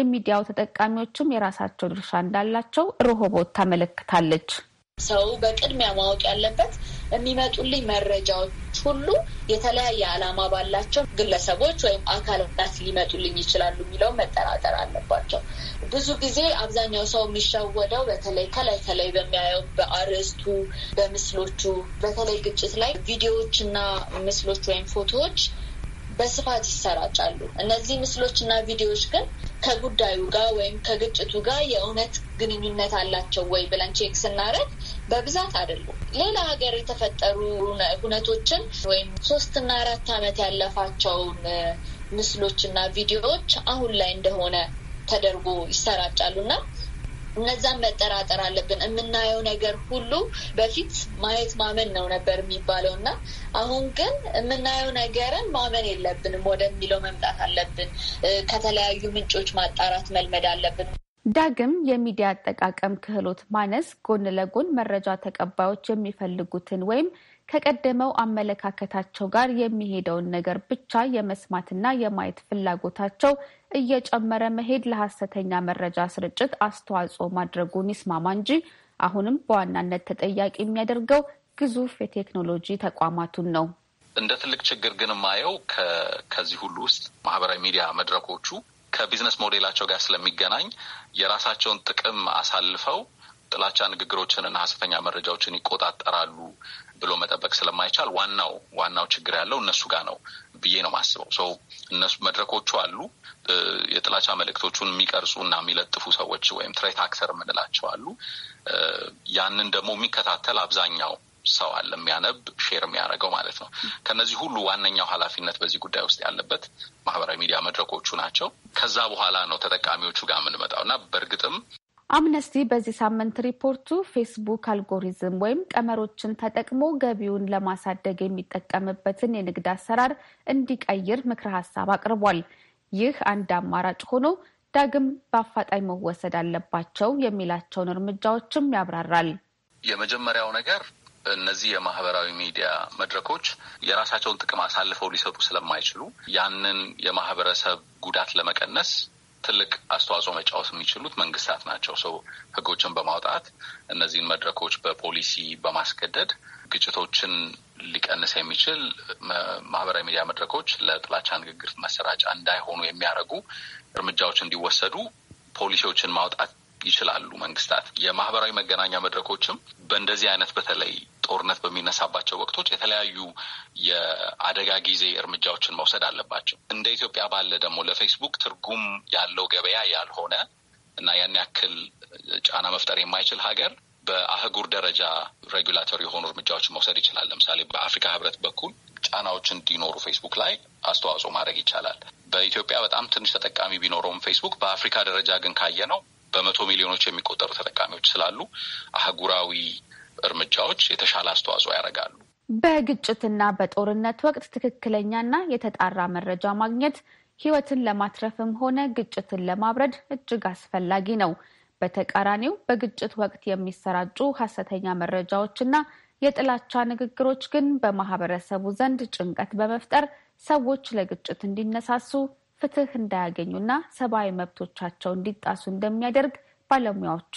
የሚዲያው ተጠቃሚዎችም የራሳቸው ድርሻ እንዳላቸው ሮሆቦት ታመለክታለች። ሰው በቅድሚያ ማወቅ ያለበት የሚመጡልኝ መረጃዎች ሁሉ የተለያየ ዓላማ ባላቸው ግለሰቦች ወይም አካላት ሊመጡልኝ ይችላሉ የሚለው መጠራጠር አለባቸው። ብዙ ጊዜ አብዛኛው ሰው የሚሸወደው በተለይ ከላይ ከላይ በሚያየው በአርዕስቱ፣ በምስሎቹ በተለይ ግጭት ላይ ቪዲዮዎች እና ምስሎች ወይም ፎቶዎች በስፋት ይሰራጫሉ። እነዚህ ምስሎች እና ቪዲዮዎች ግን ከጉዳዩ ጋር ወይም ከግጭቱ ጋር የእውነት ግንኙነት አላቸው ወይ ብለን ቼክ ስናደርግ በብዛት አይደሉም። ሌላ ሀገር የተፈጠሩ ሁነቶችን ወይም ሶስትና አራት ዓመት ያለፋቸውን ምስሎች እና ቪዲዮዎች አሁን ላይ እንደሆነ ተደርጎ ይሰራጫሉ እና እነዛን መጠራጠር አለብን። የምናየው ነገር ሁሉ በፊት ማየት ማመን ነው ነበር የሚባለው እና አሁን ግን የምናየው ነገርን ማመን የለብንም ወደሚለው መምጣት አለብን። ከተለያዩ ምንጮች ማጣራት መልመድ አለብን። ዳግም የሚዲያ አጠቃቀም ክህሎት ማነስ ጎን ለጎን መረጃ ተቀባዮች የሚፈልጉትን ወይም ከቀደመው አመለካከታቸው ጋር የሚሄደውን ነገር ብቻ የመስማትና የማየት ፍላጎታቸው እየጨመረ መሄድ ለሐሰተኛ መረጃ ስርጭት አስተዋጽኦ ማድረጉን ይስማማ እንጂ አሁንም በዋናነት ተጠያቂ የሚያደርገው ግዙፍ የቴክኖሎጂ ተቋማቱን ነው። እንደ ትልቅ ችግር ግን የማየው ከዚህ ሁሉ ውስጥ ማህበራዊ ሚዲያ መድረኮቹ ከቢዝነስ ሞዴላቸው ጋር ስለሚገናኝ የራሳቸውን ጥቅም አሳልፈው ጥላቻ ንግግሮችንና ሐሰተኛ መረጃዎችን ይቆጣጠራሉ፣ ብሎ መጠበቅ ስለማይቻል ዋናው ዋናው ችግር ያለው እነሱ ጋር ነው ብዬ ነው የማስበው። ሰው እነሱ መድረኮቹ አሉ። የጥላቻ መልእክቶቹን የሚቀርጹ እና የሚለጥፉ ሰዎች ወይም ትሬት አክተር የምንላቸው አሉ። ያንን ደግሞ የሚከታተል አብዛኛው ሰው አለ፣ የሚያነብ ሼር የሚያደርገው ማለት ነው። ከነዚህ ሁሉ ዋነኛው ኃላፊነት በዚህ ጉዳይ ውስጥ ያለበት ማህበራዊ ሚዲያ መድረኮቹ ናቸው። ከዛ በኋላ ነው ተጠቃሚዎቹ ጋር የምንመጣው እና በእርግጥም አምነስቲ በዚህ ሳምንት ሪፖርቱ ፌስቡክ አልጎሪዝም ወይም ቀመሮችን ተጠቅሞ ገቢውን ለማሳደግ የሚጠቀምበትን የንግድ አሰራር እንዲቀይር ምክረ ሀሳብ አቅርቧል። ይህ አንድ አማራጭ ሆኖ ዳግም በአፋጣኝ መወሰድ አለባቸው የሚላቸውን እርምጃዎችም ያብራራል። የመጀመሪያው ነገር እነዚህ የማህበራዊ ሚዲያ መድረኮች የራሳቸውን ጥቅም አሳልፈው ሊሰጡ ስለማይችሉ ያንን የማህበረሰብ ጉዳት ለመቀነስ ትልቅ አስተዋጽኦ መጫወት የሚችሉት መንግስታት ናቸው። ሰው ህጎችን በማውጣት እነዚህን መድረኮች በፖሊሲ በማስገደድ ግጭቶችን ሊቀንስ የሚችል ማህበራዊ ሚዲያ መድረኮች ለጥላቻ ንግግር መሰራጫ እንዳይሆኑ የሚያደርጉ እርምጃዎች እንዲወሰዱ ፖሊሲዎችን ማውጣት ይችላሉ መንግስታት። የማህበራዊ መገናኛ መድረኮችም በእንደዚህ አይነት በተለይ ጦርነት በሚነሳባቸው ወቅቶች የተለያዩ የአደጋ ጊዜ እርምጃዎችን መውሰድ አለባቸው። እንደ ኢትዮጵያ ባለ ደግሞ ለፌስቡክ ትርጉም ያለው ገበያ ያልሆነ እና ያን ያክል ጫና መፍጠር የማይችል ሀገር በአህጉር ደረጃ ሬጉላቶሪ የሆኑ እርምጃዎችን መውሰድ ይችላል። ለምሳሌ በአፍሪካ ህብረት በኩል ጫናዎች እንዲኖሩ ፌስቡክ ላይ አስተዋጽኦ ማድረግ ይቻላል። በኢትዮጵያ በጣም ትንሽ ተጠቃሚ ቢኖረውም ፌስቡክ በአፍሪካ ደረጃ ግን ካየ ነው በመቶ ሚሊዮኖች የሚቆጠሩ ተጠቃሚዎች ስላሉ አህጉራዊ እርምጃዎች የተሻለ አስተዋጽኦ ያደርጋሉ። በግጭትና በጦርነት ወቅት ትክክለኛና የተጣራ መረጃ ማግኘት ሕይወትን ለማትረፍም ሆነ ግጭትን ለማብረድ እጅግ አስፈላጊ ነው። በተቃራኒው በግጭት ወቅት የሚሰራጩ ሀሰተኛ መረጃዎችና የጥላቻ ንግግሮች ግን በማህበረሰቡ ዘንድ ጭንቀት በመፍጠር ሰዎች ለግጭት እንዲነሳሱ፣ ፍትህ እንዳያገኙና ሰብአዊ መብቶቻቸው እንዲጣሱ እንደሚያደርግ ባለሙያዎቹ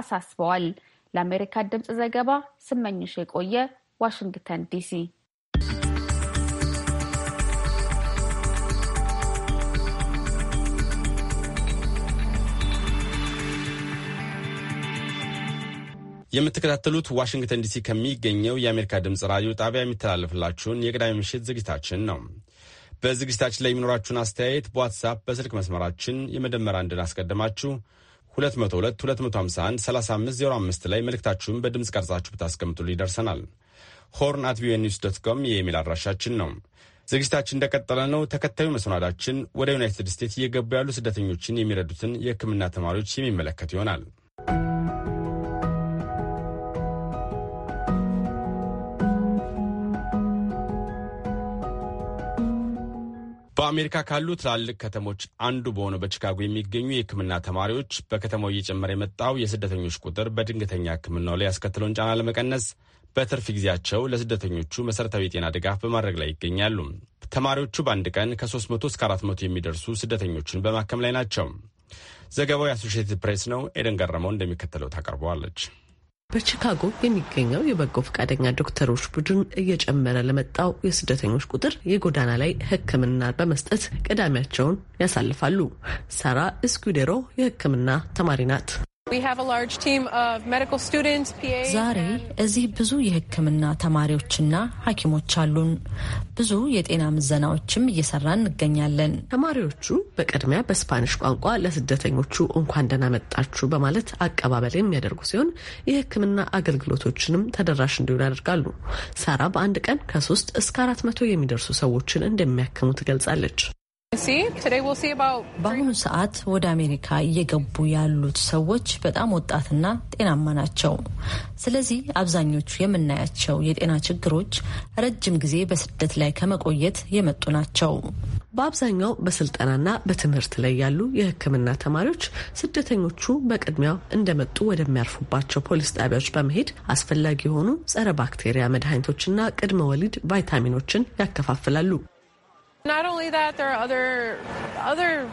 አሳስበዋል። ለአሜሪካ ድምፅ ዘገባ ስመኝሽ የቆየ ዋሽንግተን ዲሲ። የምትከታተሉት ዋሽንግተን ዲሲ ከሚገኘው የአሜሪካ ድምፅ ራዲዮ ጣቢያ የሚተላለፍላችሁን የቅዳሜ ምሽት ዝግጅታችን ነው። በዝግጅታችን ላይ የሚኖራችሁን አስተያየት በዋትሳፕ በስልክ መስመራችን የመደመር አንድን አስቀድማችሁ 202 251 ላይ መልእክታችሁን በድምፅ ቀርጻችሁ ብታስቀምጡ ይደርሰናል። ሆርን አት ቪኦኤ ኒውስ ዶት ኮም የኢሜል አድራሻችን ነው። ዝግጅታችን እንደቀጠለ ነው። ተከታዩ መሰናዳችን ወደ ዩናይትድ ስቴትስ እየገቡ ያሉ ስደተኞችን የሚረዱትን የሕክምና ተማሪዎች የሚመለከት ይሆናል። በአሜሪካ ካሉ ትላልቅ ከተሞች አንዱ በሆነው በቺካጎ የሚገኙ የሕክምና ተማሪዎች በከተማው እየጨመረ የመጣው የስደተኞች ቁጥር በድንገተኛ ሕክምናው ላይ ያስከትለውን ጫና ለመቀነስ በትርፍ ጊዜያቸው ለስደተኞቹ መሠረታዊ የጤና ድጋፍ በማድረግ ላይ ይገኛሉ። ተማሪዎቹ በአንድ ቀን ከ300 እስከ 400 የሚደርሱ ስደተኞችን በማከም ላይ ናቸው። ዘገባው የአሶሽትድ ፕሬስ ነው። ኤደን ገረመው እንደሚከተለው ታቀርበዋለች። በቺካጎ የሚገኘው የበጎ ፈቃደኛ ዶክተሮች ቡድን እየጨመረ ለመጣው የስደተኞች ቁጥር የጎዳና ላይ ሕክምና በመስጠት ቀዳሚያቸውን ያሳልፋሉ። ሳራ እስኩዴሮ የሕክምና ተማሪ ናት። ዛሬ እዚህ ብዙ የሕክምና ተማሪዎችና ሐኪሞች አሉን። ብዙ የጤና ምዘናዎችም እየሰራ እንገኛለን። ተማሪዎቹ በቅድሚያ በስፓኒሽ ቋንቋ ለስደተኞቹ እንኳን ደህና መጣችሁ በማለት አቀባበል የሚያደርጉ ሲሆን የሕክምና አገልግሎቶችንም ተደራሽ እንዲሆን ያደርጋሉ። ሳራ በአንድ ቀን ከሶስት እስከ አራት መቶ የሚደርሱ ሰዎችን እንደሚያክሙ ትገልጻለች። በአሁኑ ሰዓት ወደ አሜሪካ እየገቡ ያሉት ሰዎች በጣም ወጣትና ጤናማ ናቸው። ስለዚህ አብዛኞቹ የምናያቸው የጤና ችግሮች ረጅም ጊዜ በስደት ላይ ከመቆየት የመጡ ናቸው። በአብዛኛው በስልጠናና በትምህርት ላይ ያሉ የሕክምና ተማሪዎች ስደተኞቹ በቅድሚያው እንደመጡ ወደሚያርፉባቸው ፖሊስ ጣቢያዎች በመሄድ አስፈላጊ የሆኑ ጸረ ባክቴሪያ መድኃኒቶችና ቅድመ ወሊድ ቫይታሚኖችን ያከፋፍላሉ። Not only that, there are other, other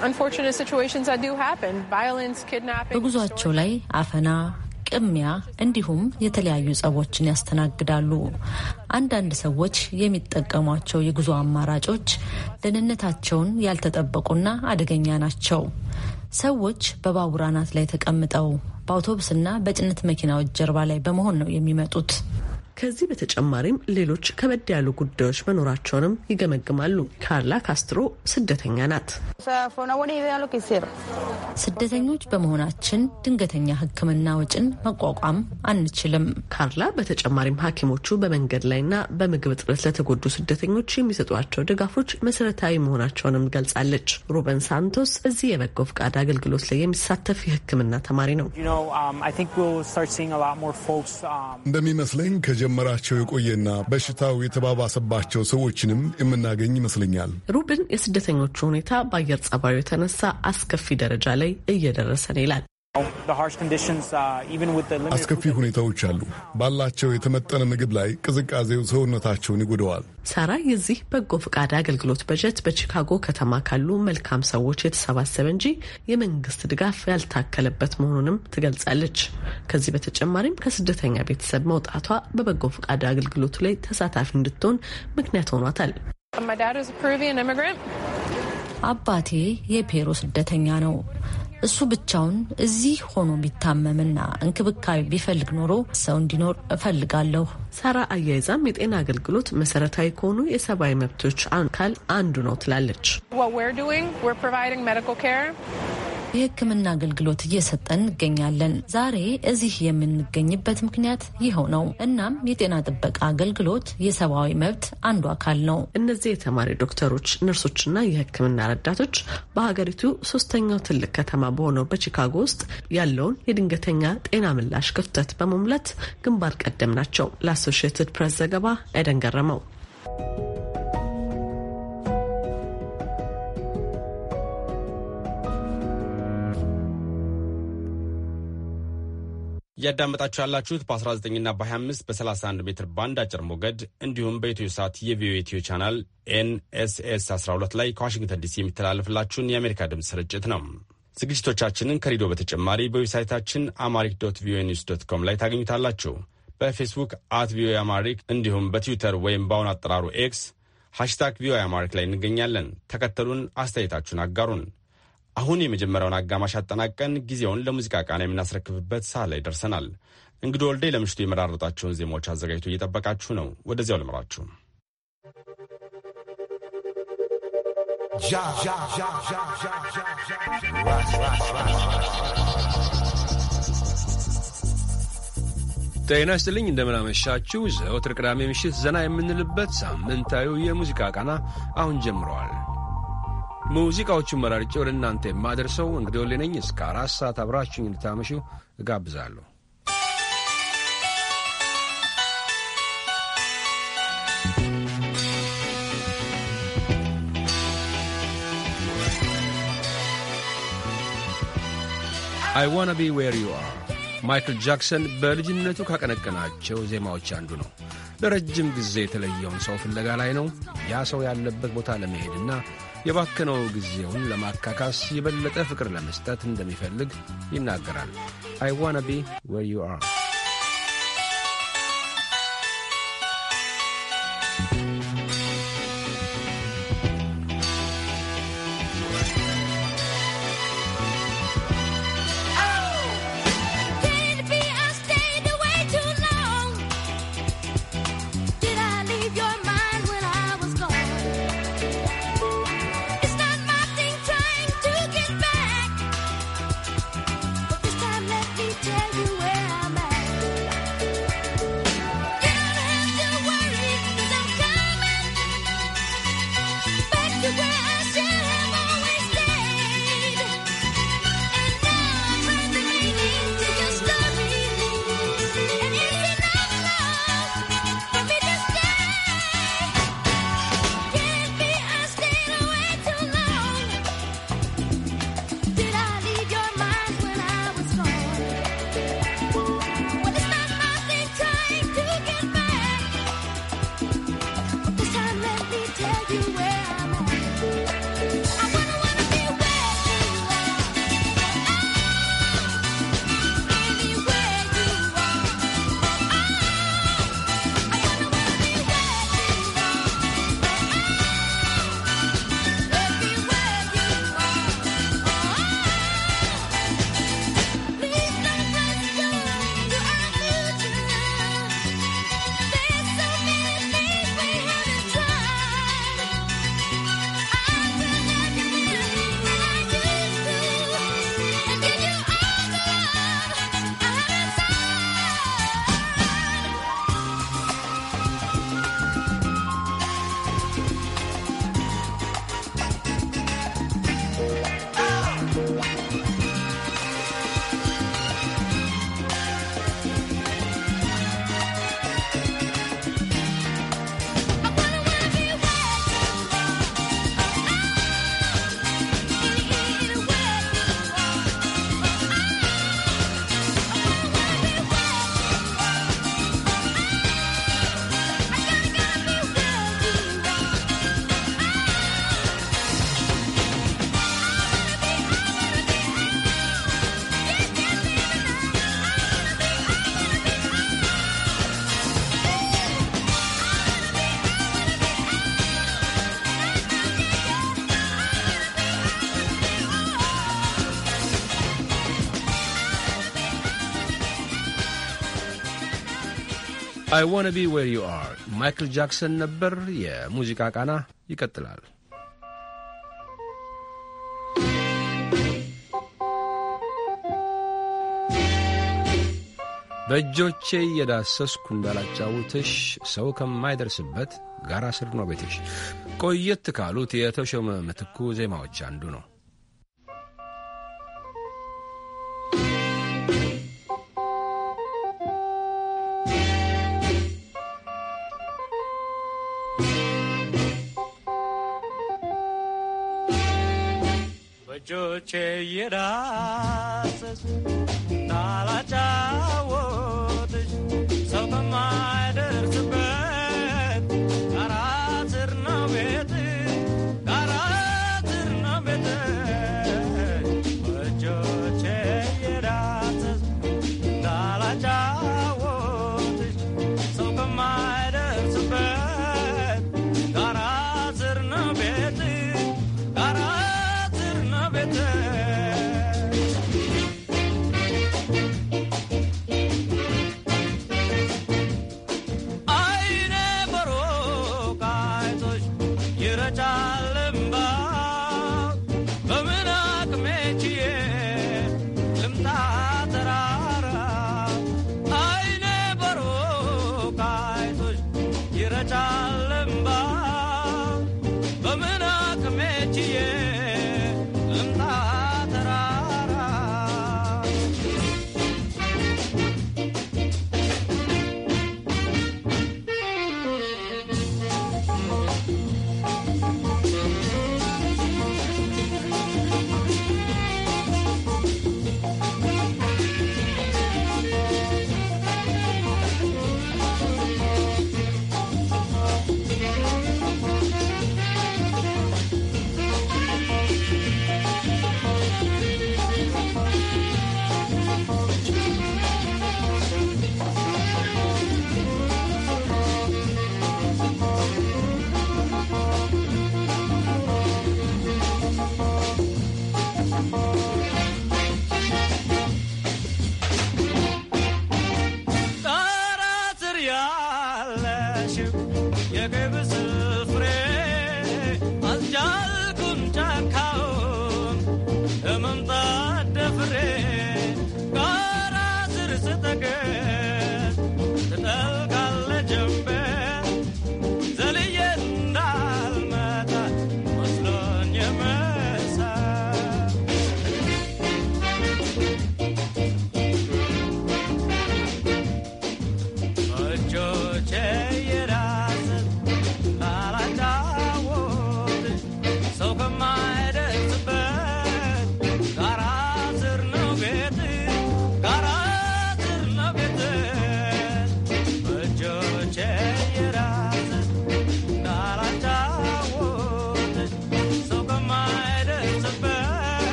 unfortunate situations that do happen. Violence, kidnapping. በጉዟቸው ላይ አፈና ቅሚያ እንዲሁም የተለያዩ ጸቦችን ያስተናግዳሉ። አንዳንድ ሰዎች የሚጠቀሟቸው የጉዞ አማራጮች ደህንነታቸውን ያልተጠበቁና አደገኛ ናቸው። ሰዎች በባቡር አናት ላይ ተቀምጠው በአውቶቡስና በጭነት መኪናዎች ጀርባ ላይ በመሆን ነው የሚመጡት። ከዚህ በተጨማሪም ሌሎች ከበድ ያሉ ጉዳዮች መኖራቸውንም ይገመግማሉ። ካርላ ካስትሮ ስደተኛ ናት። ስደተኞች በመሆናችን ድንገተኛ ሕክምና ወጪን መቋቋም አንችልም። ካርላ በተጨማሪም ሐኪሞቹ በመንገድ ላይና በምግብ እጥረት ለተጎዱ ስደተኞች የሚሰጧቸው ድጋፎች መሰረታዊ መሆናቸውንም ገልጻለች። ሩበን ሳንቶስ እዚህ የበጎ ፈቃድ አገልግሎት ላይ የሚሳተፍ የሕክምና ተማሪ ነው። um, um, እንደሚመስለኝ ከጀ ከመጀመራቸው የቆየና በሽታው የተባባሰባቸው ሰዎችንም የምናገኝ ይመስለኛል። ሩብን የስደተኞቹ ሁኔታ በአየር ጸባዩ የተነሳ አስከፊ ደረጃ ላይ እየደረሰ ነው ይላል። Uh, አስከፊ ሁኔታዎች አሉ። ባላቸው የተመጠነ ምግብ ላይ ቅዝቃዜው ሰውነታቸውን ይጎደዋል። ሳራ የዚህ በጎ ፈቃድ አገልግሎት በጀት በቺካጎ ከተማ ካሉ መልካም ሰዎች የተሰባሰበ እንጂ የመንግስት ድጋፍ ያልታከለበት መሆኑንም ትገልጻለች። ከዚህ በተጨማሪም ከስደተኛ ቤተሰብ መውጣቷ በበጎ ፈቃድ አገልግሎቱ ላይ ተሳታፊ እንድትሆን ምክንያት ሆኗታል። አባቴ የፔሮ ስደተኛ ነው። እሱ ብቻውን እዚህ ሆኖ ቢታመምና እንክብካቤ ቢፈልግ ኖሮ ሰው እንዲኖር እፈልጋለሁ። ሳራ አያይዛም የጤና አገልግሎት መሰረታዊ ከሆኑ የሰብአዊ መብቶች አካል አንዱ ነው ትላለች። የሕክምና አገልግሎት እየሰጠን እንገኛለን። ዛሬ እዚህ የምንገኝበት ምክንያት ይኸው ነው። እናም የጤና ጥበቃ አገልግሎት የሰብአዊ መብት አንዱ አካል ነው። እነዚህ የተማሪ ዶክተሮች፣ ነርሶችና የሕክምና ረዳቶች በሀገሪቱ ሶስተኛው ትልቅ ከተማ በሆነው በቺካጎ ውስጥ ያለውን የድንገተኛ ጤና ምላሽ ክፍተት በመሙላት ግንባር ቀደም ናቸው። ለአሶሺየትድ ፕሬስ ዘገባ ኤደን ገረመው። እያዳመጣችሁ ያላችሁት በ19ና በ25 በ31 ሜትር ባንድ አጭር ሞገድ እንዲሁም በኢትዮ ሰዓት የቪኦኤ ኢትዮ ቻናል ኤንኤስኤስ 12 ላይ ከዋሽንግተን ዲሲ የሚተላለፍላችሁን የአሜሪካ ድምፅ ስርጭት ነው። ዝግጅቶቻችንን ከሬዲዮ በተጨማሪ በዌብሳይታችን አማሪክ ዶት ቪኦኤ ኒውስ ዶት ኮም ላይ ታገኙታላችሁ። በፌስቡክ አት ቪኦኤ አማሪክ እንዲሁም በትዊተር ወይም በአሁን አጠራሩ ኤክስ ሃሽታግ ቪኦኤ አማሪክ ላይ እንገኛለን። ተከተሉን፣ አስተያየታችሁን አጋሩን። አሁን የመጀመሪያውን አጋማሽ አጠናቀን ጊዜውን ለሙዚቃ ቃና የምናስረክብበት ሰዓት ላይ ደርሰናል። እንግዲ ወልዴ ለምሽቱ የመራረጣቸውን ዜማዎች አዘጋጅቶ እየጠበቃችሁ ነው። ወደዚያው ልምራችሁ። ጤና ይስጥልኝ እንደምናመሻችሁ። ዘወትር ቅዳሜ ምሽት ዘና የምንልበት ሳምንታዊ የሙዚቃ ቃና አሁን ጀምረዋል። ሙዚቃዎቹን መራርጬ ወደ እናንተ የማደርሰው እንግዲህ ወሌነኝ እስከ አራት ሰዓት አብራችሁኝ እንድታመሹ እጋብዛለሁ። አይ ዋና ቢ ዌር ዩ አር ማይክል ጃክሰን በልጅነቱ ካቀነቀናቸው ዜማዎች አንዱ ነው። ለረጅም ጊዜ የተለየውን ሰው ፍለጋ ላይ ነው። ያ ሰው ያለበት ቦታ ለመሄድና የባከነው ጊዜውን ለማካካስ የበለጠ ፍቅር ለመስጠት እንደሚፈልግ ይናገራል። አይ ዋና ቢ ዌር ዩ አር አይ ዋና ቢ ዌር ዩ አር ማይክል ጃክሰን ነበር። የሙዚቃ ቃና ይቀጥላል። በእጆቼ እየዳሰስኩ እንዳላጫውትሽ ሰው ከማይደርስበት ጋራ ስር ነው ቤትሽ ቆየት ካሉት የተሾመ ምትኩ ዜማዎች አንዱ ነው። noche y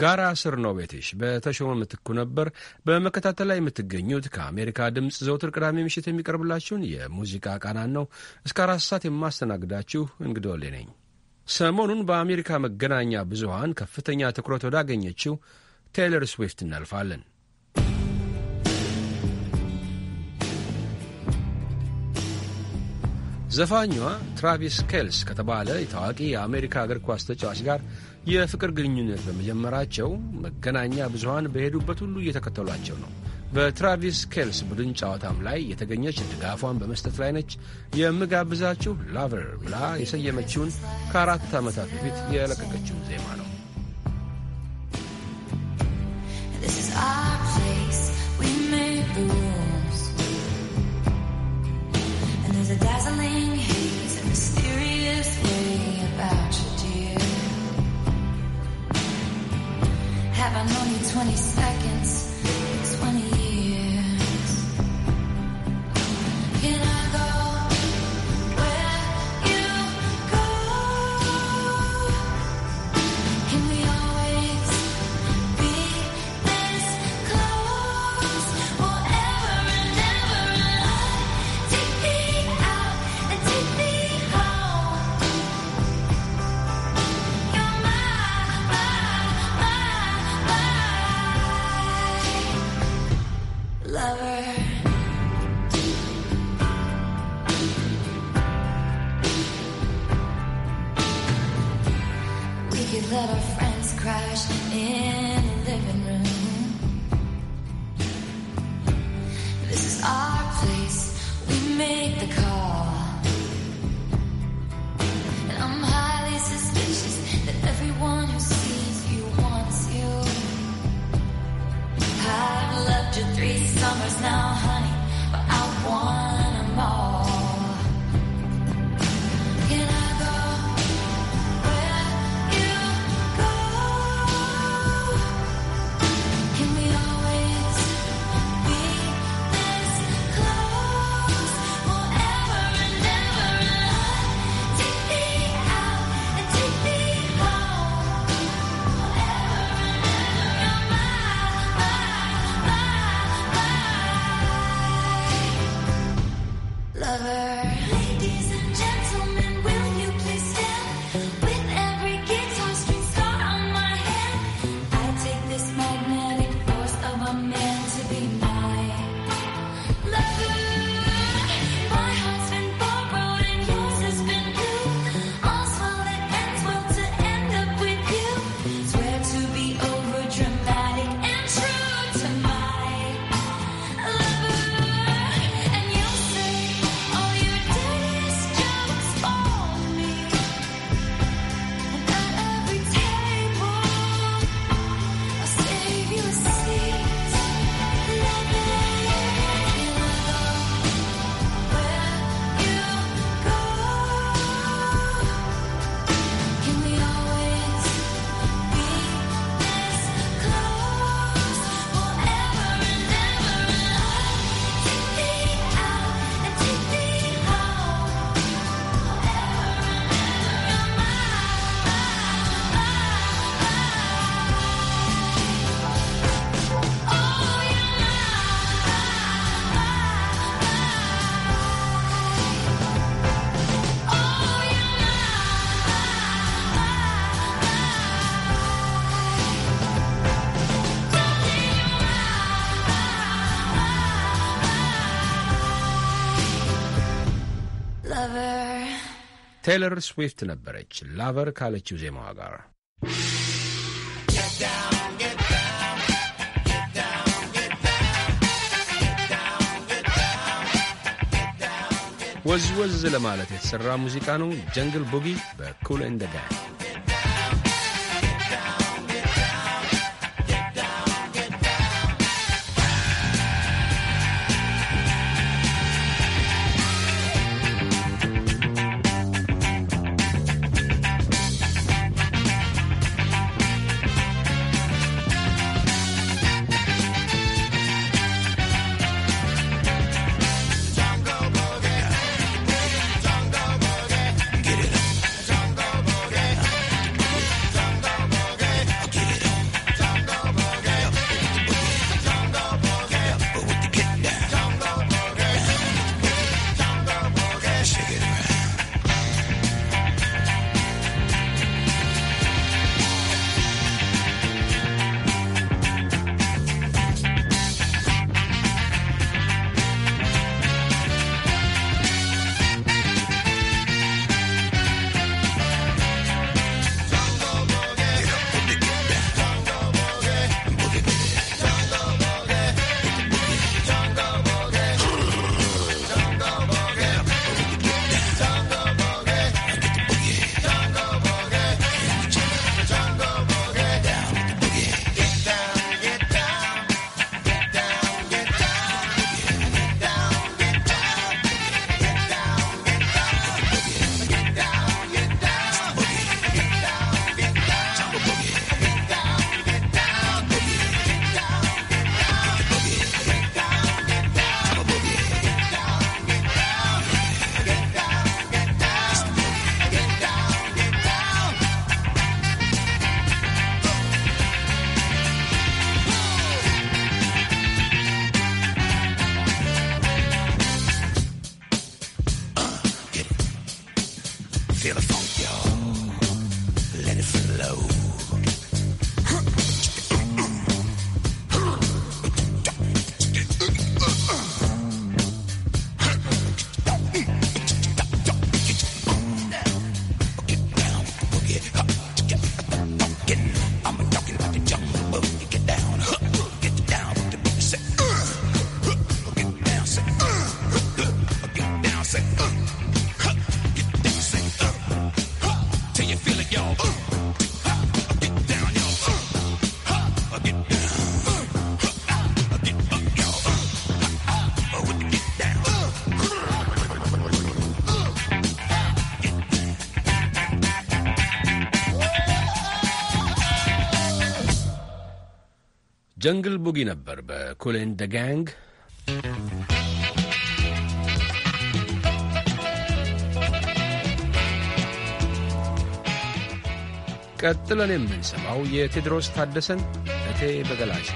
ጋራ ስር ነው ቤትሽ በተሾመ ምትኩ ነበር በመከታተል ላይ የምትገኙት ከአሜሪካ ድምፅ ዘውትር ቅዳሜ ምሽት የሚቀርብላችሁን የሙዚቃ ቃናን ነው። እስከ አራት ሰዓት የማስተናግዳችሁ እንግዶሌ ነኝ። ሰሞኑን በአሜሪካ መገናኛ ብዙሃን ከፍተኛ ትኩረት ወዳገኘችው ቴይለር ስዊፍት እናልፋለን። ዘፋኟ ትራቪስ ኬልስ ከተባለ የታዋቂ የአሜሪካ እግር ኳስ ተጫዋች ጋር የፍቅር ግንኙነት በመጀመራቸው መገናኛ ብዙሀን በሄዱበት ሁሉ እየተከተሏቸው ነው። በትራቪስ ኬልስ ቡድን ጨዋታም ላይ የተገኘች ድጋፏን በመስጠት ላይ ነች። የምጋብዛችሁ ላቨር ብላ የሰየመችውን ከአራት ዓመታት በፊት የለቀቀችውን ዜማ ነው። There's a dazzling haze, a mysterious way about you. Have I known you 20 seconds? 20 years. Can I go? ቴይለር ስዊፍት ነበረች ላቨር ካለችው ዜማዋ ጋር። ወዝወዝ ለማለት የተሠራ ሙዚቃ ነው። ጀንግል ቡጊ በኩል እንደጋ ጀንግል ቡጊ ነበር በኩሌን ደ ጋንግ። ቀጥለን የምንሰማው የቴድሮስ ታደሰን እቴ በገላጭ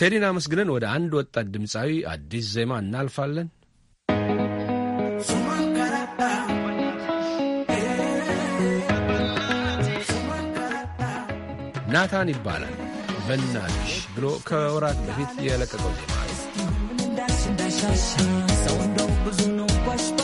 ቴዲን አመስግነን ወደ አንድ ወጣት ድምፃዊ አዲስ ዜማ እናልፋለን። ናታን ይባላል። በናሽ ብሎ ከወራት በፊት የለቀቀው ዜማ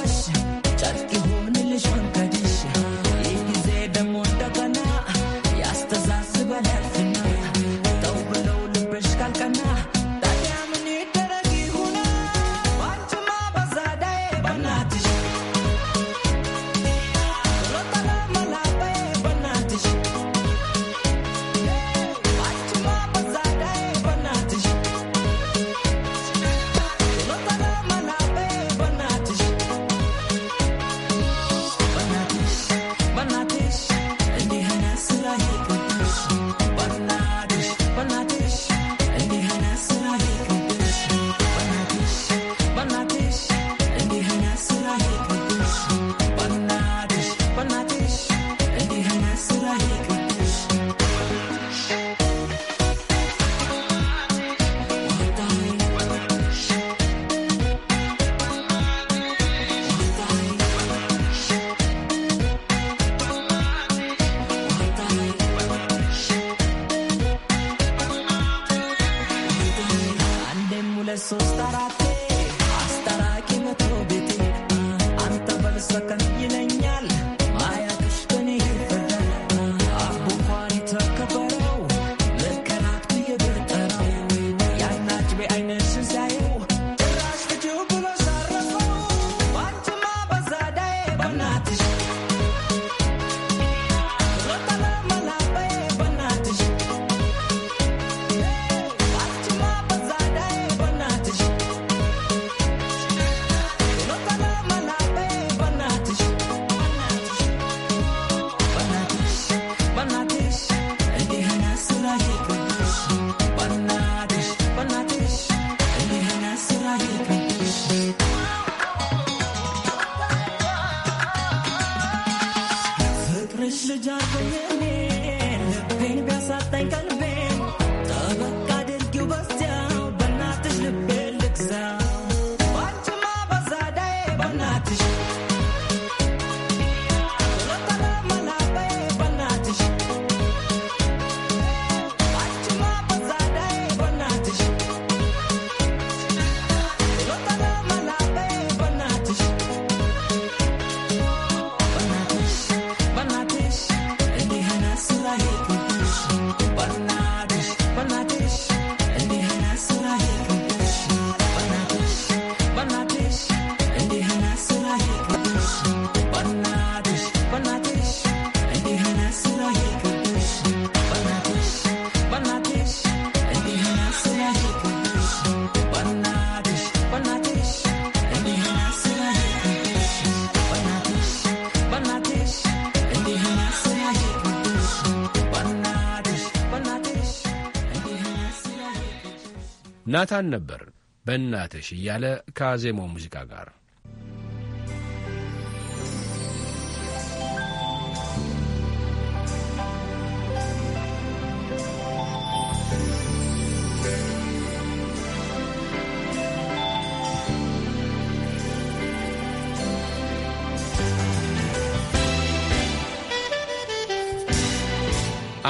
ናታን ነበር በእናትሽ እያለ ከዜማው ሙዚቃ ጋር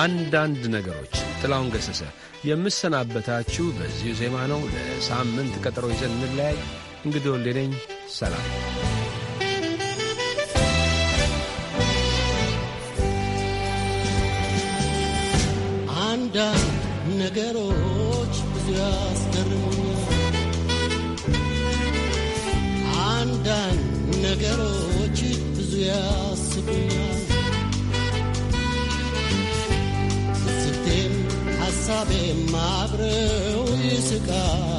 አንዳንድ ነገሮች ጥላውን ገሰሰ። የምሰናበታችሁ በዚሁ ዜማ ነው። ለሳምንት ቀጠሮ ይዘን እንለያይ። እንግዲህ ወልዴ ነኝ። ሰላም አንዳንድ ነገሮች ብዙ ያስገርሙኛል። አንዳንድ ነገሮች ብዙ ያስቁኛል። ሐሳቤም አብረው ይስቃል።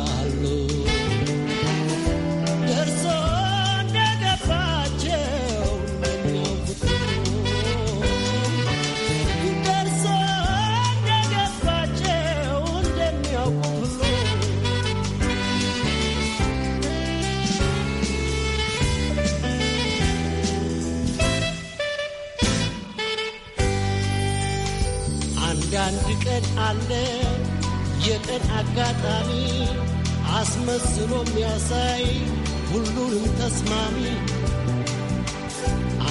ተስማሚ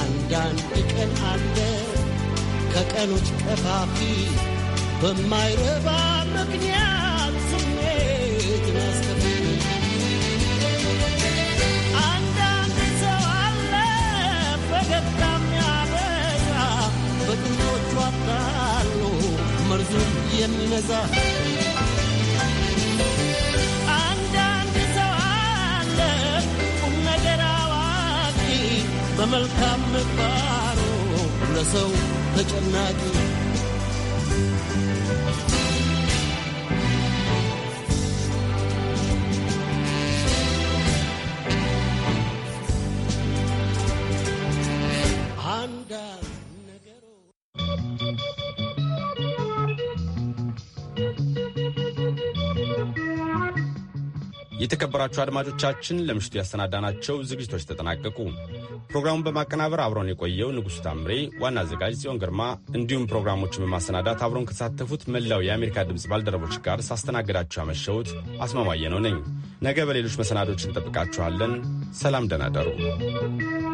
አንዳንድ ቀን አለ ከቀኖች ቀፋፊ በማይረባ ምክንያት ስሜት ናስከፊ አንዳንድ ሰው አለ ፈገግታ የሚያበዛ በግኖቹ አታሎ መርዙን የሚነዛ ለመልካም ምግባሩ ለሰው ተጨናቂ የተከበራችሁ አድማጮቻችን ለምሽቱ ያሰናዳናቸው ዝግጅቶች ተጠናቀቁ። ፕሮግራሙን በማቀናበር አብሮን የቆየው ንጉሥ ታምሬ፣ ዋና አዘጋጅ ጽዮን ግርማ እንዲሁም ፕሮግራሞችን በማሰናዳት አብሮን ከተሳተፉት መላው የአሜሪካ ድምፅ ባልደረቦች ጋር ሳስተናግዳችሁ ያመሸሁት አስማማየ ነው ነኝ። ነገ በሌሎች መሰናዶች እንጠብቃችኋለን። ሰላም ደናደሩ